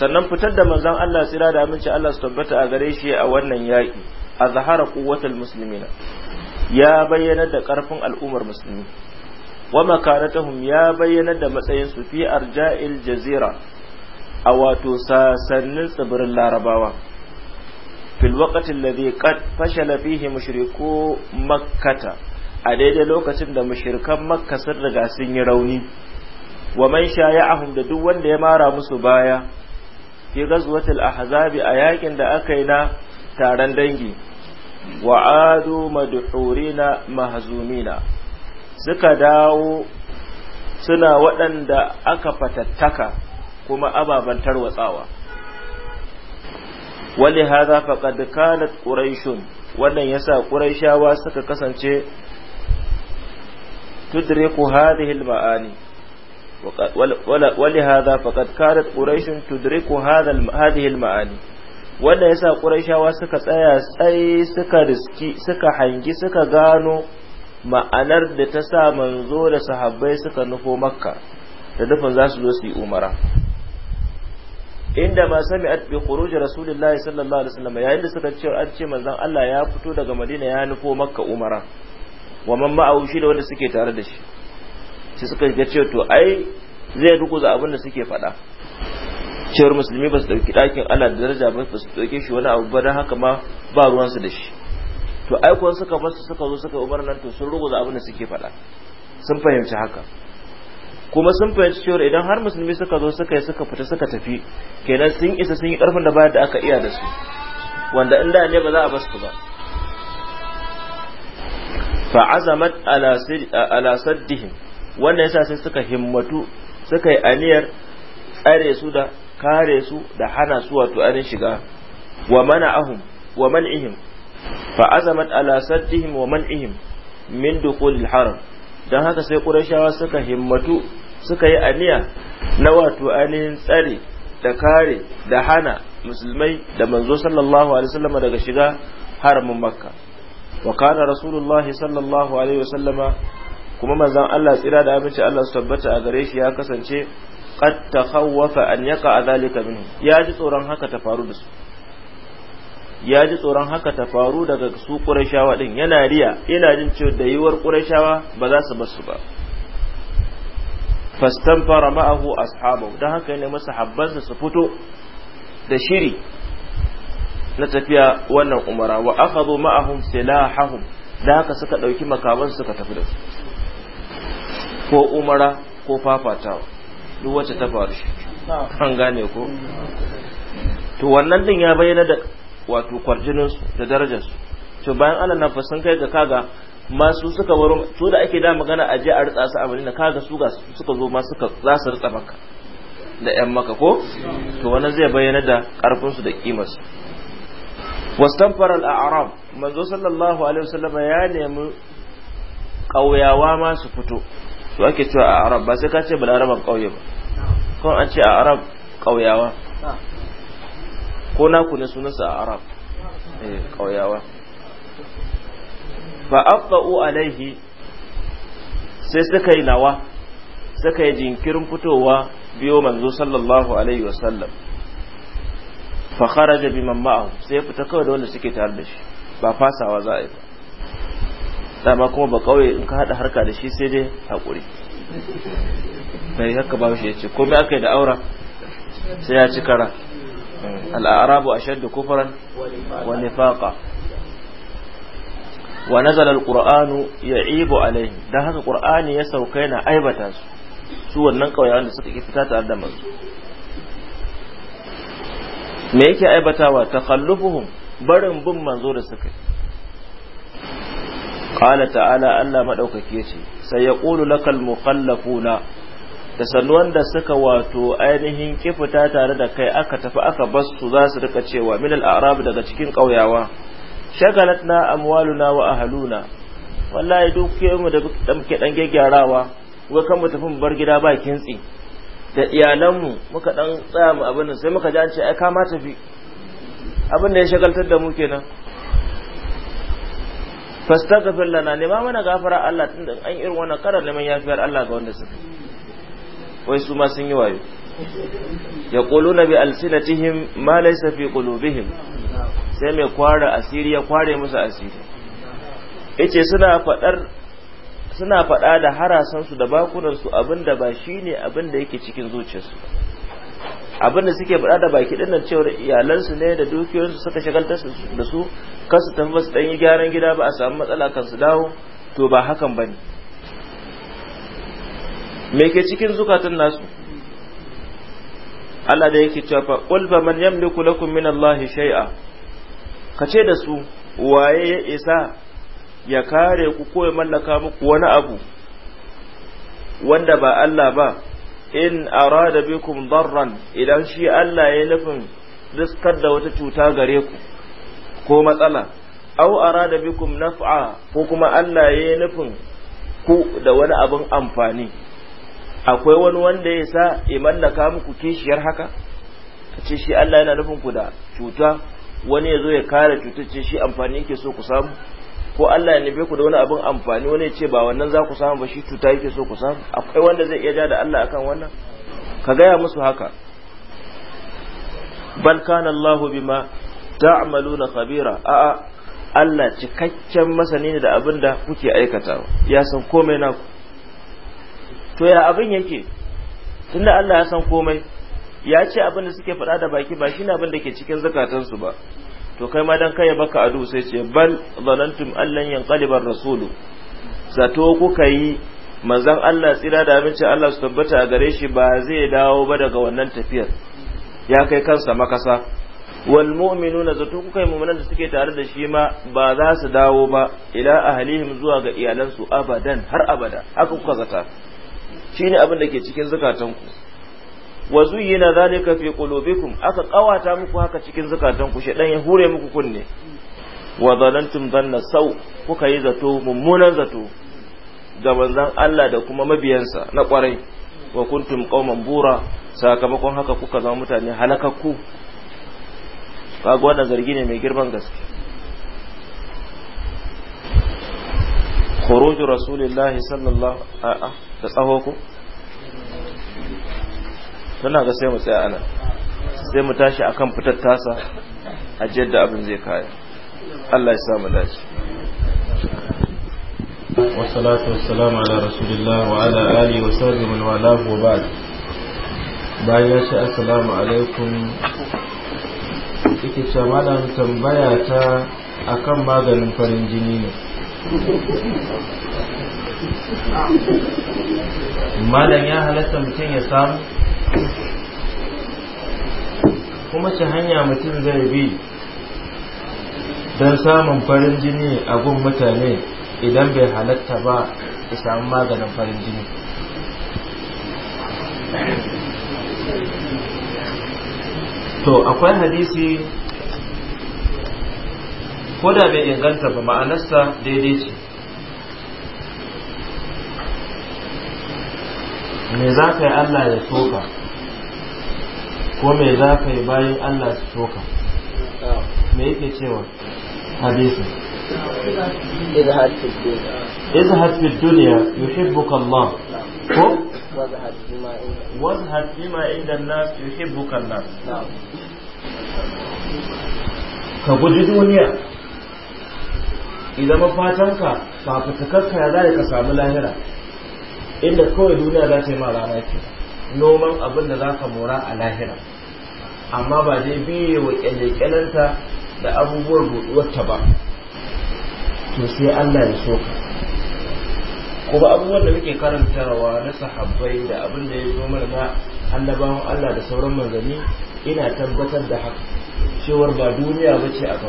sannan fitar da manzon Allah sira da aminci Allah su tabbata a gare shi a wannan yaki. a zahara quwwatul muslimina ya bayyana da ƙarfin al'ummar musulmi wa makaratahum ya bayyana da matsayin su fi arja'il jazira a wato sasannin tsibirin larabawa fil waqtin ladhi qad fashala fihi mushriku makkata a daidai lokacin da mushrikan makka sun riga sun yi rauni wa man shaya'ahum da duk wanda ya mara musu baya fi ghazwatil ahzabi a yakin da aka yi na taron dangi wa'adu madhurina mahzumina suka dawo suna waɗanda aka fatattaka kuma ababen tarwatsawa wani hadha faqad kanat quraishun wannan yasa quraishawa suka kasance tudriku hadhihi al-ma'ani wali hadha faqad kanat quraishun tudriku hadha hadhihi al-ma'ani wanda yasa qurayshawa suka tsaya tsaye suka riski suka hangi suka gano ma'anar da ta sa manzo da sahabbai suka nufo makka da dafin za su zo su yi umara inda ma sami'at bi khuruj rasulillahi sallallahu alaihi wasallam yayin da suka ce an ce manzon Allah ya fito daga Madina ya nufo Makka umara wa man ma'a shi da wanda suke tare da shi sai suka ga cewa to ai zai za abin da suke faɗa cewar musulmi ba su ɗauki ɗakin Allah da daraja ba su ɗauke shi wani abu ba don haka ma ba ruwansu da shi to ai kuwa suka su suka zo suka umar nan to sun ruguza abin da suke faɗa sun fahimci haka kuma sun fahimci cewar idan har musulmi suka zo suka yi suka fita suka tafi kenan sun isa sun yi ƙarfin da ba da aka iya da su wanda inda ne ba za a basu ba fa'azamat ala saddihim wannan yasa sai suka himmatu suka yi aniyar tsare su da kare su da hana su wato anin shiga wa mana'ahum wa man'ihim fa azamat ala saddihim wa man'ihim min dukhulil haram dan haka sai qurayshawa suka himmatu suka yi aniya na wato anin tsare da kare da hana musulmai da manzo sallallahu alaihi wasallam daga shiga haramin makka wa kana rasulullahi sallallahu alaihi wasallama kuma manzon Allah tsira da abinci Allah su tabbata a gare shi ya kasance qad takhawwafa an yaqa zalika minhu ya ji tsoron haka ta faru ya ji tsoron haka ta faru daga su Qurayshawa ɗin yana riya ina jin cewa da yiwar Qurayshawa ba za su basu ba fastanfara ma'ahu ashabahu dan haka ne masa habbansa su fito da shiri na tafiya wannan umara wa akhadhu ma'ahum silahahum da haka suka dauki makaman suka tafi da su ko umara ko fafatawa duk wacce ta faru an gane ko to wannan din ya bayyana da wato kwarjinin da darajar su to bayan Allah na fasan kai ga kaga masu suka waro to da ake da magana aje a ritsa su a Madina kaga su ga suka zo ma suka za su ritsa maka da yan maka ko to wannan zai bayyana da karfin su da kimar su wastanfar al-a'rab manzo sallallahu alaihi wasallam ya nemi kauyawa ma su fito su ake cewa a arab ba sai ka ce balaraban ƙauye ba ko an ce a arab ƙauyawa ko naku ne sunansa a arab eh, ƙauyawa fa abba'u alaihi sai suka yi nawa suka yi jinkirin fitowa biyo manzo sallallahu alaihi wasallam fa kharaja biman ma'ahu sai fita kawai da wanda suke tare da shi ba fasawa za a yi ba dama kuma ba kauye in ka haɗa harka da shi sai dai hakuri bai haka ba shi yace komai aka da aura sai ya ci kara al-arabu ashaddu kufran wa faƙa. wa nazala al-qur'anu ya'ibu alaihim dan haka qur'ani ya sauka yana aibata su su wannan kauyawan da suka ke fita tare da manzo me yake aibatawa takhallufuhum barin bin manzo da suka yi qala ta'ala Allah maɗaukake ce sai ya qulu lakal muqallafuna da sannu da suka wato ainihin kifuta tare da kai aka tafi aka su za su rika cewa min al-a'rab daga cikin ƙauyawa shagalatna amwaluna wa ahluna wallahi mu da muke dan gyarawa wai kan mu tafi mu bar gida ba kintsi da iyalanmu muka ɗan tsaya mu abin sai muka ji an ce ai ka ma tafi abin da ya shagaltar da mu kenan fastaghfir lana nema mana gafara Allah tunda an irin wannan karar neman yafiyar Allah ga wanda suka wai su ma sun yi wayo yaquluna bi alsinatihim ma laysa fi qulubihim sai mai kwara asiri ya kware musu asiri yace suna fadar suna fada da harasan su da bakunan su abinda ba shine abinda yake cikin zuciyarsu abin da suke faɗa da baki ɗin nan cewar iyalansu ne da dukiyoyinsu suka shagaltar da su kansu tafi basu ɗan yi gyaran gida ba a samu matsala kan su dawo to ba hakan ba ne me ke cikin zukatan nasu Allah da yake cewa fa qul fa man yamliku lakum min Allah shay'a kace da su waye ya isa ya kare ku ko ya mallaka muku wani abu wanda ba Allah ba in arada bikum darran idan shi Allah ya nufin riskar da wata cuta gare ku ko matsala au arada bikum naf'a ko kuma Allah ya nufin ku da wani abin amfani akwai wani wanda ya sa ya mallaka muku kishiyar haka ce shi Allah yana nufin ku da cuta wani ya zo ya kare cutar ce shi amfani yake so ku samu ko Allah ya nufe ku da wani abin amfani wani ya ce ba wannan za ku samu ba shi cuta yake so ku samu akwai wanda zai iya ja da Allah akan wannan ka gaya musu haka bal kana Allahu bima ta'maluna khabira a'a Allah cikakken masani ne da abin da kuke aikatawa ya san komai na ku to ya abin yake tunda Allah ya san komai ya ce abin da suke faɗa da baki ba shine abin da ke cikin zakatansu ba to kai ma dan kai baka adu sai ce bal zanantum allan yanqalibar rasulu zato kuka yi manzon Allah tsira da abinci Allah su tabbata a gare shi ba zai dawo ba daga wannan tafiyar ya kai kansa makasa wal mu'minuna zato kuka yi mu'minan da suke tare da shi ma ba za su dawo ba ila ahlihim zuwa ga iyalansu abadan har abada haka kuka zata shine abin da ke cikin ku wa zuyyina zalika fi qulubikum aka ƙawata muku haka cikin zakatan ku shedan ya hure muku kunne wa zalantum dhanna sau kuka yi zato mummunan zato ga manzon Allah da kuma mabiyansa na kwarai wa kuntum qauman bura sakamakon haka kuka zama mutane halakakku kaga wannan zargi ne mai girman gaske khuruj rasulillahi sallallahu a'a da tsaho ku suna ga sai mu tsaya anan sai mu tashi akan fitar tasa a da abin zai kaya Allah ya samu dace wasalatu wassalamu ala rasulillah wa ala alihi wa sahbihi wa ala ba'd bayan shi assalamu alaikum yake cewa malam tambaya ta akan maganin farin jini ne malam ya halatta mutum ya samu kuma ce hanya mutum zai bi don samun farin jini a gun mutane idan bai halatta ba ya samu maganin farin jini to akwai hadisi ko da bai inganta ba ma'anarsa daidai ce me za ka yi allah ya soka ko me za ka yi bayan Allah su soka me yake cewa hadisin izhad fi dunya yuhibbuka Allah ko wazhad ma inda nas yuhibbuka Allah ka guji duniya idan mafatanka fafutukarka ya za ka samu lahira inda kawai duniya za ta yi ma rana ke noman abin da zaka ka mora a lahira amma ba zai biye wa kyalekyalanta da abubuwar buɗuwarta ba to sai Allah ya so ko kuma abubuwan da muke karantawa na sahabbai da abin da ya zo mana na annabawan Allah da sauran manzanni ina tabbatar da haka cewar ba duniya ba ce a su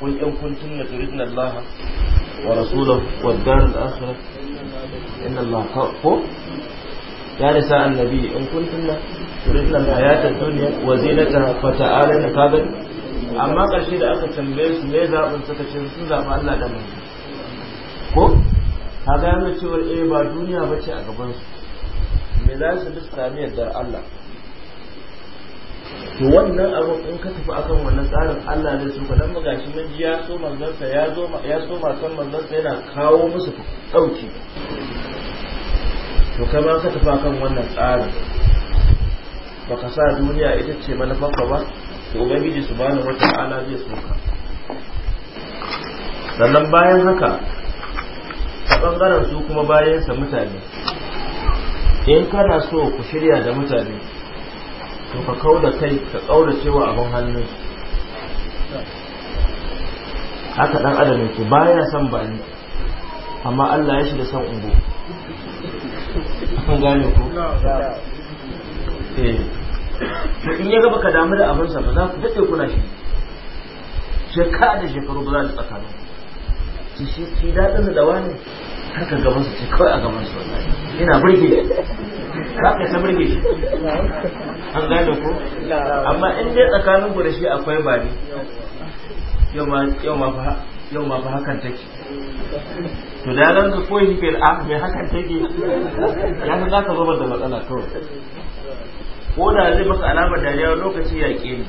kun yan kuntun na turidin Allah wa rasulahu wa da akhirah inna Allah ko ya nisa annabi in kuntunna turidna hayata dunya wa zinataha fata'alana kadan amma karshe da aka tambaye su ne zabin suka ce sun zaɓi Allah da mu. ko kaga yana cewa eh ba duniya bace a gaban su me za su bi sami da Allah to wannan abin in ka tafi akan wannan tsarin Allah ne zai so kadan magashi mun ji ya so manzon ya zo ya so matan manzon yana kawo musu dauki to kai ba ka tafi kan wannan tsarin ka sa duniya ita ce manufarka ba to ubangiji subhanahu ala zai soka sannan bayan haka a bangaren su kuma bayan sa mutane in kana so ku shirya da mutane to ka kau da kai ka kaura cewa abin hannun haka dan adam yake baya son bani amma Allah ya shi da san ungo kun gane ku eh. to in ya gaba ka damu da abin sa ba za ku dace kuna shi shekara da shekaru ba za su tsakanin su shi shi daɗin da wani har ka gaban su ce kawai a gaban su wallahi ina burge za ka ta burge shi an gane ku amma in dai tsakanin ku da shi akwai ba ne yau ma fa yau ma fa hakan take to da ran da koyi ke a me hakan take ya san za ka zo da matsala to ko da zai maka alamar dariya lokaci ya ke ni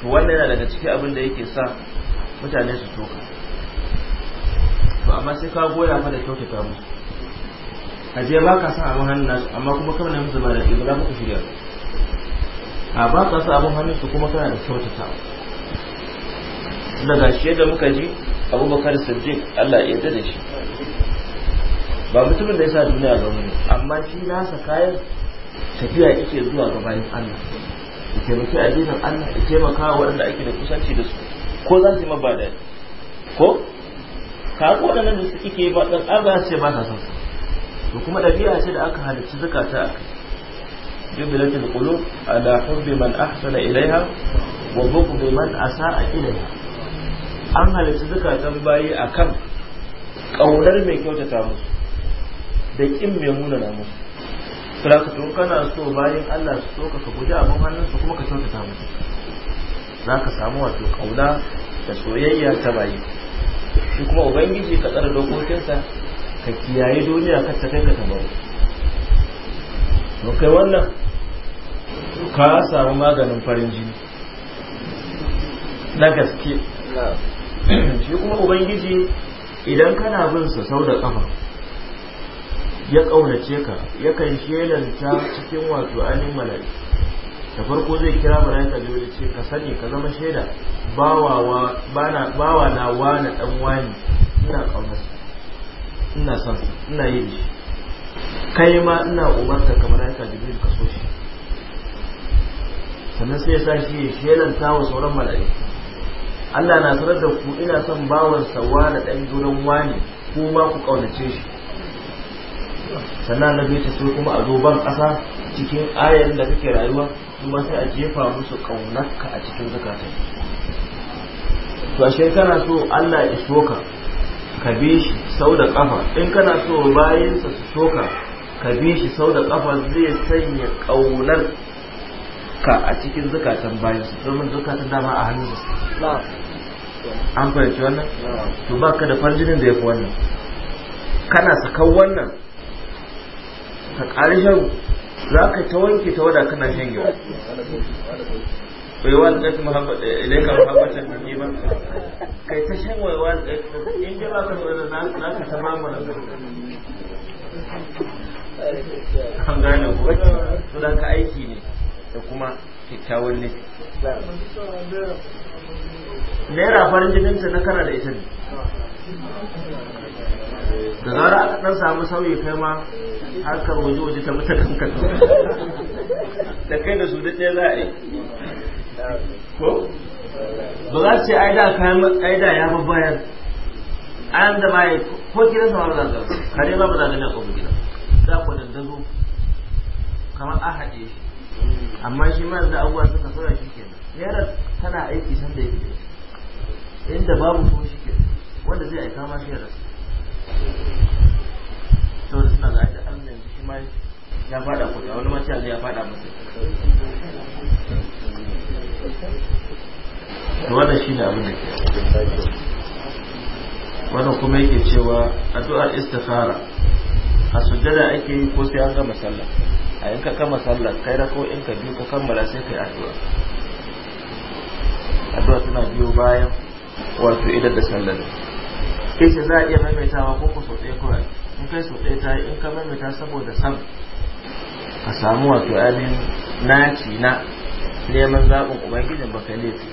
to wannan yana daga cikin abin da yake sa mutane su toka to amma sai ka goya fa da kyautata musu a je ba ka san abin hannun nasu amma kuma kawai na musu ba da ba za ka shirya a ba ka san abin hannun su kuma kana da kyautatawa ga shi da muka ji abubakar siddiq allah ya yarda da shi ba mutumin da ya sa duniya ga mu amma shi sa kayan tafiya yake zuwa ga bayin allah ya muke addinin allah ya maka waɗanda ake da kusanci da su ko za su yi mabada ko ka ko waɗannan da suke kike ba ɗan aga ce ba ta san to kuma ɗabi'a ce da aka halicci zakata a kai qulub ala hubbi man ahsana أحسن wa وبغض man asaa إليها an halarci zukatan bayi a kan ƙaunar mai kyautata musu da ƙin mai munana musu to kana so bayan Allah su soka ka guji abin hannunsu kuma ka kyautata musu za ka samu wato ƙauna da soyayya ta bayi shi kuma ubangiji ka tsara dokokinsa ka kiyaye duniya ka ta kai ka tabaru to wannan ka samu maganin farin jini na gaske shi kuma ubangiji idan kana bin sa sau da kafa ya kaunace ka yakan shelanta cikin wato anin mala'i da farko zai kira mala'ika da yace ka sani ka zama shaida bawa na wani dan wani ina kaunarsa ina son ina yi shi kai ma ina umarta ka mala'ika jibril ka so shi sannan sai ya sa shi shelanta wa sauran mala'iku Allah na sanar da ku ina son bawan sawa da ɗan gurin wani ko ma ku ƙaunace shi sannan na ta sai kuma a zo ƙasa cikin ayar da kake rayuwa kuma sai a jefa musu ƙaunarka a cikin zakatai to ashe kana so Allah ya soka ka bi shi sau da ƙafa in kana so bayansa su soka ka bi shi sau da ƙafa zai sanya ƙaunar ka a cikin zukatan bayansa domin zakatan dama a hannunsa an fahimci wannan to ba ka da farjinin da ya fi wannan kana sakan wannan ka ƙari shan za ka ta wanke ta wada kana shan yawa bai wa da kuma eh, ka muhammatan da ba kai ta shan waiwa da in ji ba ka zo na ka ta mamara kan gane ku to da ka aiki ne da kuma kyakkyawan ne naira farin jinin na kana da ita ne da zara aka dan samu sauyi kai ma kan waje waje ta mutu kanka da kai da su da ɗaya za a yi ko ba za su ce ai da kayan aida da ya babbayar an da ba ko kira sa ba za kare ba ba za ka ne ko gidan za ku dandazo kamar a haɗe shi amma shi ma da abubuwa suka tsora shi kenan yara tana aiki sanda da yake inda babu kuma shi ke wanda zai aika ma shi ya rasu to da suna zai da allah shi ma ya fada kuɗi a wani mace yanzu ya fada masa to wanda shi ne abin da ke wannan kuma yake cewa addu'ar istikhara a sujjada ake yi ko sai an gama sallah a yanka ka kama sallah kai rako in ka biyu ka kammala sai kai addu'a addu'a tana biyo bayan wato idan da sallar ita za a iya maimaitawa ko ku sau ɗaya kawai in kai sau ɗaya ta in ka maimaita saboda san ka samu wato ainihin naci na neman zaɓin ubangijin baka laifi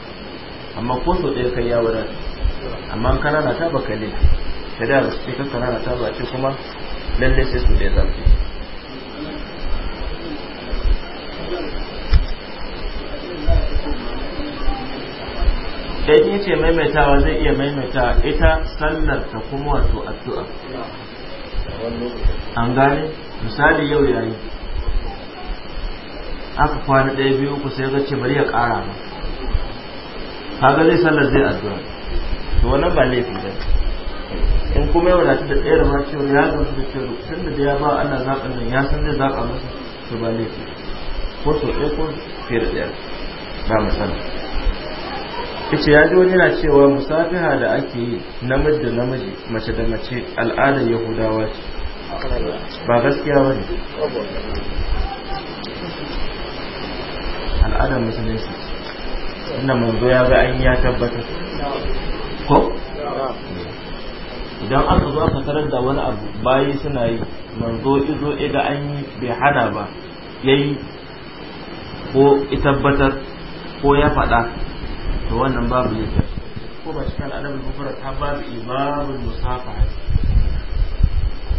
amma ko sau ɗaya kai ya wurin amma kana na ta baka laifi ta da su ce kan kana na ta ba ce kuma lallai sai su ɗaya zaɓi da in yace maimaitawa zai iya maimaita ita sallar ta kuma wato addu'a an gane misali yau yayi aka kwana ɗaya biyu ku sai ga ce bari ya ƙara ma kaga zai sallar zai addu'a to wannan ba laifi ba in kuma ya wadatu da da ma cewa ya gamsu da cewa tun da ya ba Allah zaɓin nan ya san zai zaɓa masa to ba laifi ko so ɗaya ko fiye da ɗaya ba misali yace ya ji wani yana cewa musafiha da ake yi namiji da namiji mace da mace al'adar yahudawa ce ba gaskiya ba ne al'adar musulunci inda manzo ya ga an ya tabbatar ko idan aka zo aka tarar da wani abu bayi suna yi manzo izo iga an yi bai hana ba yayi ko ya tabbatar ko ya faɗa to wannan babu ne ko ba cikin al'adar mufrad ta babu ibabul musafaha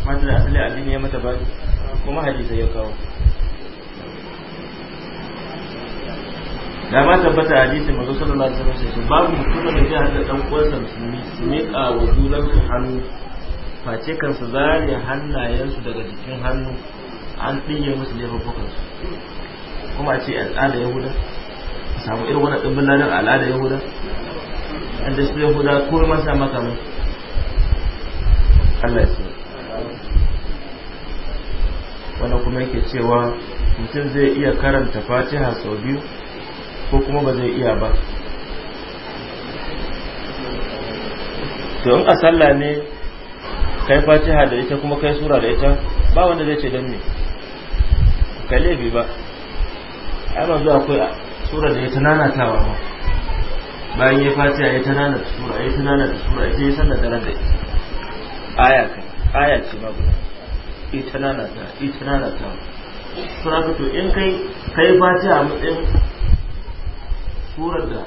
mata da asali addini ya mata babu kuma hadisi ya kawo da ba tabbata hadisi manzo sallallahu alaihi wasallam sai babu mutum da ya hada dan uwansa musulmi su ne kawo julan su hannu face kansu zare hannayensu daga jikin hannu an ɗinge musu laifukan su kuma a ce al'ada yahuda samu irin wani ɗumbin ladan al'ada yahuda yadda su yahuda ko ma sa maka mu Allah ya sai wanda kuma yake cewa mutum zai iya karanta fatiha sau biyu ko kuma ba zai iya ba to in a sallah ne kai fatiha da ita kuma kai sura da ita ba wanda zai ce don ne ka laifi ba ai zuwa akwai sura da ya ta nanatawa ma bayan ya a ya ta da sura ya ta sura ita ya sallar daren da ita aya kai aya ce babu ita ta ita nanata sura ka to in kai kai fati a matsayin surar da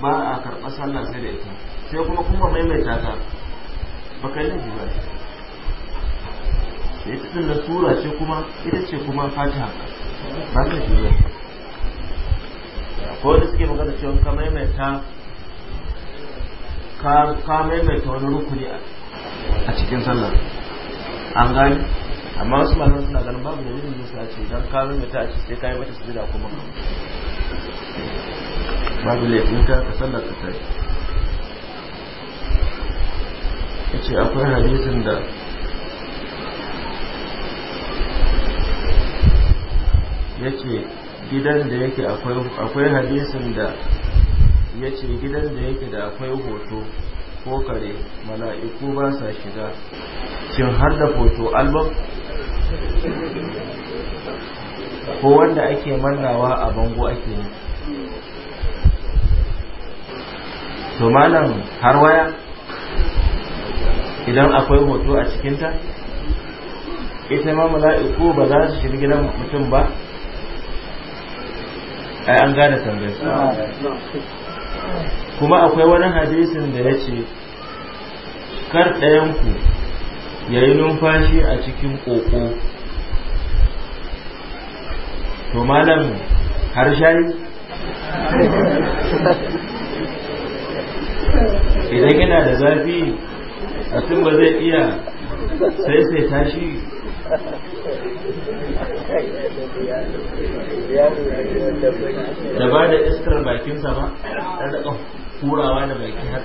ba a karɓa sallah sai da ita sai kuma kuma maimaita ta ba kai laifi ba ita ta da sura ce kuma ita ce kuma fatiha ba ka ba ko wanda suke magana cewa ka maimaita ka maimaita wani rukuni a cikin sallah an gani amma wasu malaman suna ganin babu dalilin da sa ce dan ka maimaita a cikin sai ka yi mata sujada kuma babu laifin ka ka sallar ka tai yace hadisin da gidan da yake akwai hadisin da ya ce gidan da yake da akwai hoto ko kare mala'iku ba sa shiga shin har da hoto album ko wanda ake mannawa a bango ake yi to malam har waya idan akwai hoto a cikinta ita ma mala'iku ba za su shiga gidan mutum ba ai an gane tambayar kuma akwai wani hadisin da ya ce kar ɗayanku ya yi numfashi a cikin koko to malam har shayi idan yana da zafi mutum ba zai iya sai sai tashi da ba da iskar bakinsa ba da daga hurawa da baki har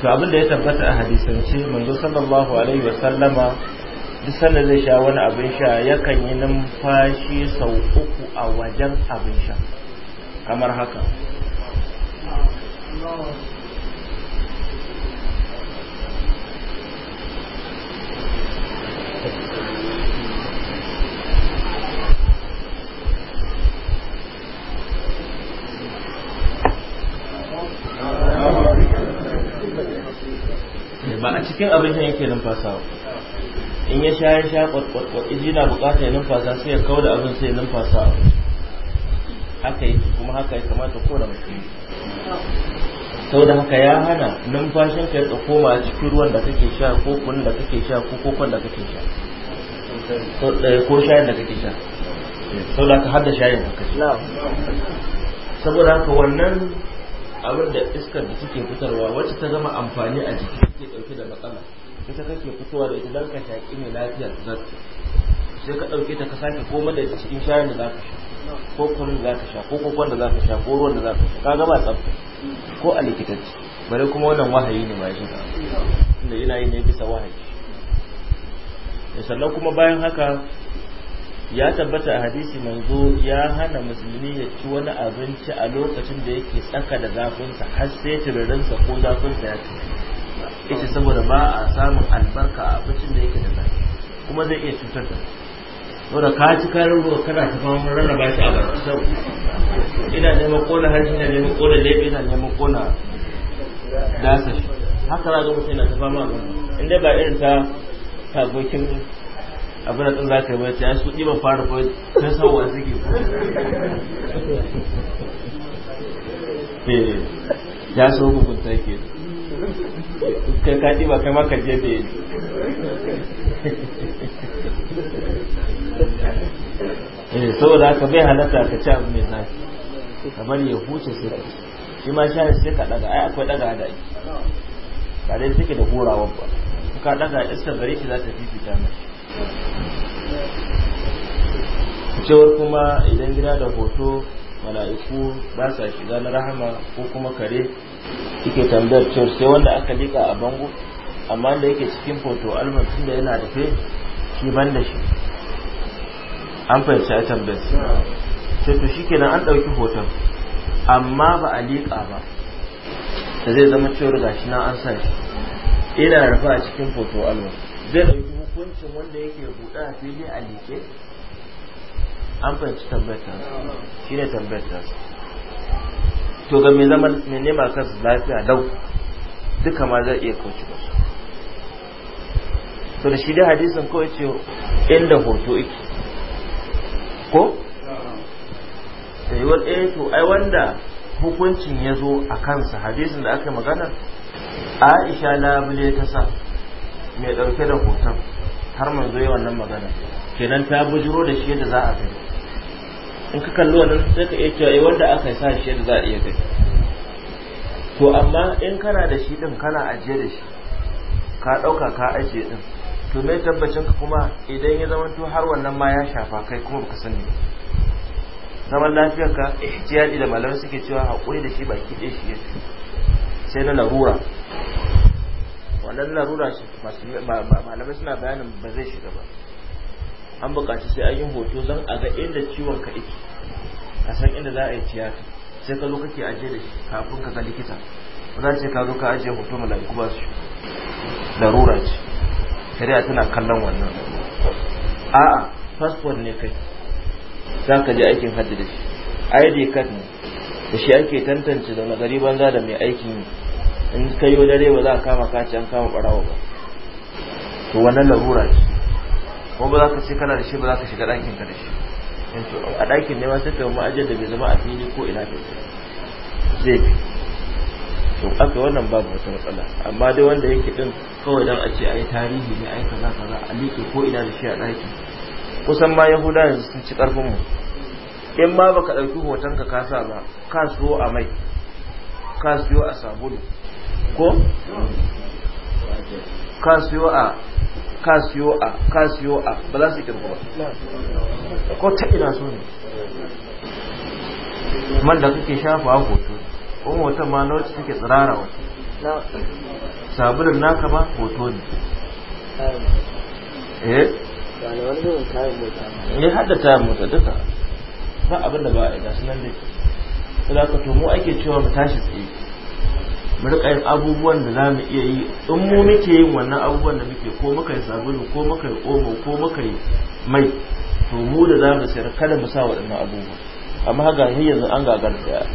to abin da ya tabbata a hadisance manzo sallallahu alaihi wa sallama duk sanda zai sha wani abin sha yakan yi numfashi sau uku a wajen abin sha kamar haka ba a cikin abincin yake numfasawa in ya sha ya sha kwatkwatkwat iji na bukata ya numfasa sai ya kawo da abin sai ya numfasa haka yi kuma haka ya kamata ko da mutum da haka ya hana numfashin ka ya koma a cikin ruwan da kake sha ko kunun da kake sha ko kokon da kake sha ko eh, shayin da kake sha sau haka har da shayin da kake saboda haka wannan abin da iskar da suke fitarwa wacce ta zama amfani a jiki take dauke da matsala ita kake fitowa da ita don ka shaƙi mai lafiya zarta sai ka ɗauke ta ka sake koma da cikin shayin da za ka sha ko kunun da za ka sha ko kokon da za ka sha ko ruwan da za ka sha ka gaba tsabta. ko a likitacci bare kuma wannan wahayi ne ma shiga inda ina yi ne bisa wahayi sannan kuma bayan haka ya tabbata a hadisi manzo ya hana musulmi ya ci wani abinci a lokacin da yake tsaka da zafinsa har sai tiririnsa ko zafinsa ya ci ita saboda ba a samun albarka a abincin da yake da zafi kuma zai iya cutar da wanda ka ci karin ruwa kana ta fama rarraba shi a barci sau ina neman kona harshe ina neman kona lebe ina neman kona dasa shi haka za ga mutum yana ta fama ba inda ba irin ta tagokin abin da za ka yi wata ya su ɗiban fara kawai ta sauwa suke eh, ya so hukunta ke kai ka ɗiba kai maka jefe eh saboda ka bai halatta ka ci abu mai zafi kamar ya huce sai ka shi ma shayi sai ka daga ai akwai daga da ake ka dai take da horawa ba ka daga iska gare shi za ta fifita mai cewar kuma idan gida da hoto mala'iku ba sa shiga na rahama ko kuma kare yake tambayar cewar sai wanda aka liƙa a bango amma da yake cikin foto alman da yana da fe shi ban da shi an fahimci a tambayar sai to shi kenan an ɗauki hoton amma ba a liƙa ba da zai zama cewar shi na an sa shi ina rufa a cikin foto album zai ɗauki hukuncin wanda yake buɗe a fili a liƙe an fahimci tambayar ta shi ne tambayar ta to ga mai zama mai nema kansu lafiya dau. duka ma zai iya kauce ba to da shi dai hadisin kawai ce inda hoto yake ko da eh to ai wanda hukuncin ya zo a kansa hadisin da aka magana aisha labule ta sa mai ɗauke da hoton har zo yi wannan magana kenan ta bujiro da shi da za a kai in ka kalli wannan sai ka iya cewa eh, wanda aka sa shi da za a iya kai to amma in kana da shi din kana ajiye da shi ka ɗauka ka ajiye din to mai tabbacin ka kuma idan ya zama to har wannan ma ya shafa kai kuma baka sani zaman lafiyar ka ihtiyadi da malamai suke cewa hakuri da shi baki ɗaya shi yake sai na larura wannan larura shi malamai suna bayanin ba zai shiga ba an buƙaci sai an yi hoto zan a ga inda ciwon ka yake a san inda za a yi tiyata sai ka zo kake aje da shi kafin ka ga likita ba za ce ka zo ka aje hoto ku ba su larura ce shari'a tana kallon wannan a'a passport ne kai za ka je aikin hajji da shi id card ne da shi ake tantance da nagari banza da mai aikin yi in kai yau dare ba za a kama kaci an kama barawa ba to wannan larura ce kuma ba za ka ce kana da shi ba za ka shiga ɗakin ka da shi a ɗakin ne ma sai ka ma'ajiyar da bai zama a fili ko ina ke zai fi to aka wannan babu wata matsala amma dai wanda yake din kawai dan a ce ai tarihi ne ai kaza kaza a liƙe ko ina da shi a ɗaki kusan ma yahuda yanzu sun ci ƙarfin mu in ma baka ɗauki hoton ka kasa ba ka siyo a mai ka siyo a sabulu ko ka siyo a ka siyo a ka siyo a ba za su kirgo ko ta ina so ne man da kake shafa hoto kuma wata ma na take tsirara wasu sabulun naka ma hoto ne eh ne eh, hada ta mota duka ba abin da ba a gasu nan dai da ka tomo mu ake cewa mu tashi tsaye mu rika yin abubuwan da za mu iya yi in mu muke yin wannan abubuwan da muke ko muka yi sabulu ko muka yi omo ko muka yi mai to mu da za mu sayar kada mu sa waɗannan abubuwa amma haka yanzu an gagar da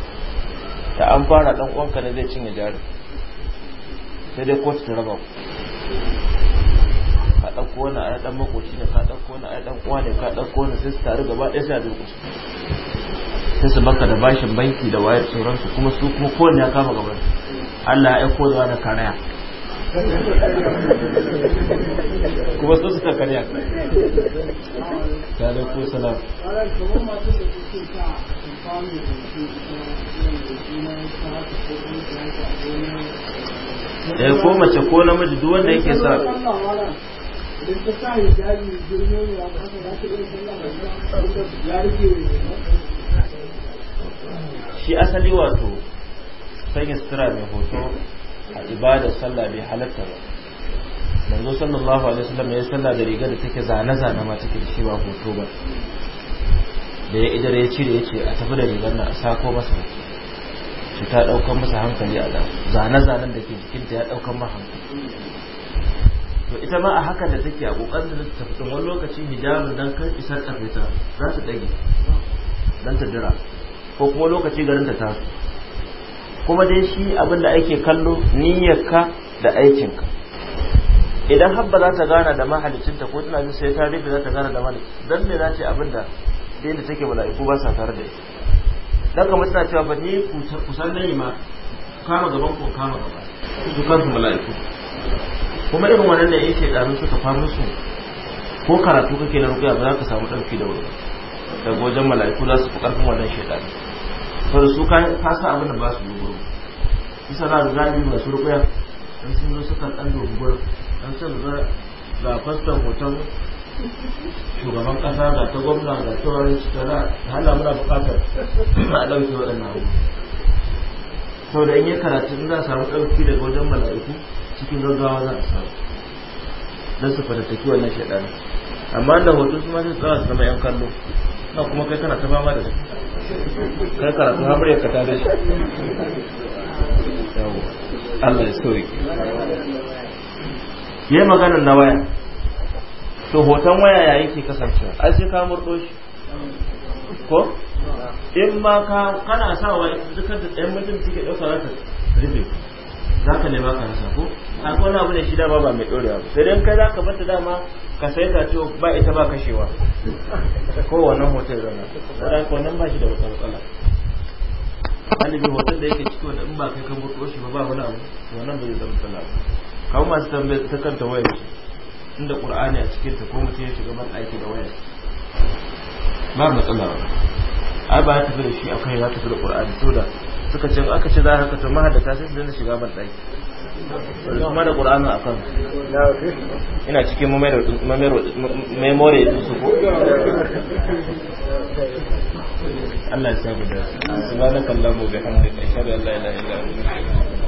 ta an fara dan uwanka ne zai cinye jari sai dai kotu ta raba ku ka ɗauko wani a ɗan makoci ne ka ɗauko wani a ɗan uwa ne ka ɗauko wani sai su taru gaba ɗaya sai a durƙusa sai su baka da bashin banki da wayar sauransu kuma su kuma kowanne ya kama gaban Allah ya aiko da wani karaya kuma su suka karya ta da ku salam ya eh, ko mace ko namiji duk wanda yake sa shi asali wato ya sutura mai hoto a ibada sallah bai halatta ba manzo sallallahu alaihi wasallam ya sallah da rigar da take zane zane ma take shi ba hoto ba da ya idare ya cire ya a tafi da rigar nan a sako masa su ta daukan masa hankali a nan zane-zanen da ke jikinta ya daukan ma hankali to ita ma a haka da take a ƙoƙarin da ta fito wani lokaci hijabu dan kan isar ƙafeta za ta ɗage dan ta dira ko kuma lokaci garin ta taso kuma dai shi abin da ake kallo niyyarka da aikinka idan habba za ta gana da mahalicinta ko tana jin sai ta rufe za ta gana da mahalicinta dan me za ce abin da dai da take mala'iku ba sa tare da ita dan kuma suna cewa ba ni kusan nayi ma kama gaban ko kama gaba su kansu mala'iku kuma irin wannan da yake su ka fa su ko karatu kake na rukuya ba za ka samu ɗauki da wuri daga wajen mala'iku za su fi ƙarfin wannan shaidan saboda su ka sa abin da ba su yi gurin isa za su zaɓi masu rukuya in sun zo sukan ɗan dogon gurin an san ga fastan hoton shugaban kasa ga ta gwamna ga ta wani ta hala muna bukatar a ɗauki waɗannan abu sau da in yi karatu za a samu ɗauki daga wajen mala'iku cikin gaggawa za a samu don su fatattaki wannan shaɗani amma da hoto su ma sai tsawa su zama 'yan kallo na kuma kai kana ta fama da su kai karatu hamar ya kata da shi Allah ya sauke yi maganar na waya to hoton waya ya yake kasancewa ai sai ka murdo shi ko in ma ka kana sa wa dukkan da ɗayan mutum suke ɗauka za ka rufe za ka nema ka nasa ko a wani abu ne shi dama ba mai ɗorewa ba sai dan kai za ka bata dama ka sai ka ce ba ita ba kashewa ko wannan hoton zama sai ko nan ba shi da wata matsala galibi hoton da yake ciki wanda in ba kai ka murdo shi ba ba wani abu wannan ba zama matsala ba kawo masu tambayar ta kanta wayar shi inda qur'ani a cikin ta ko mutum ya shiga ban aiki da wayar ba matsala ba a ba ta fara da shi akan za ta da qur'ani da suka ce aka ce za ka to ta sai su dinga shiga ban aiki kuma da ƙur'anin a kan ina cikin memory din su ko Allah ya sabu da su mu wa bihamdika ashhadu an la ilaha illa anta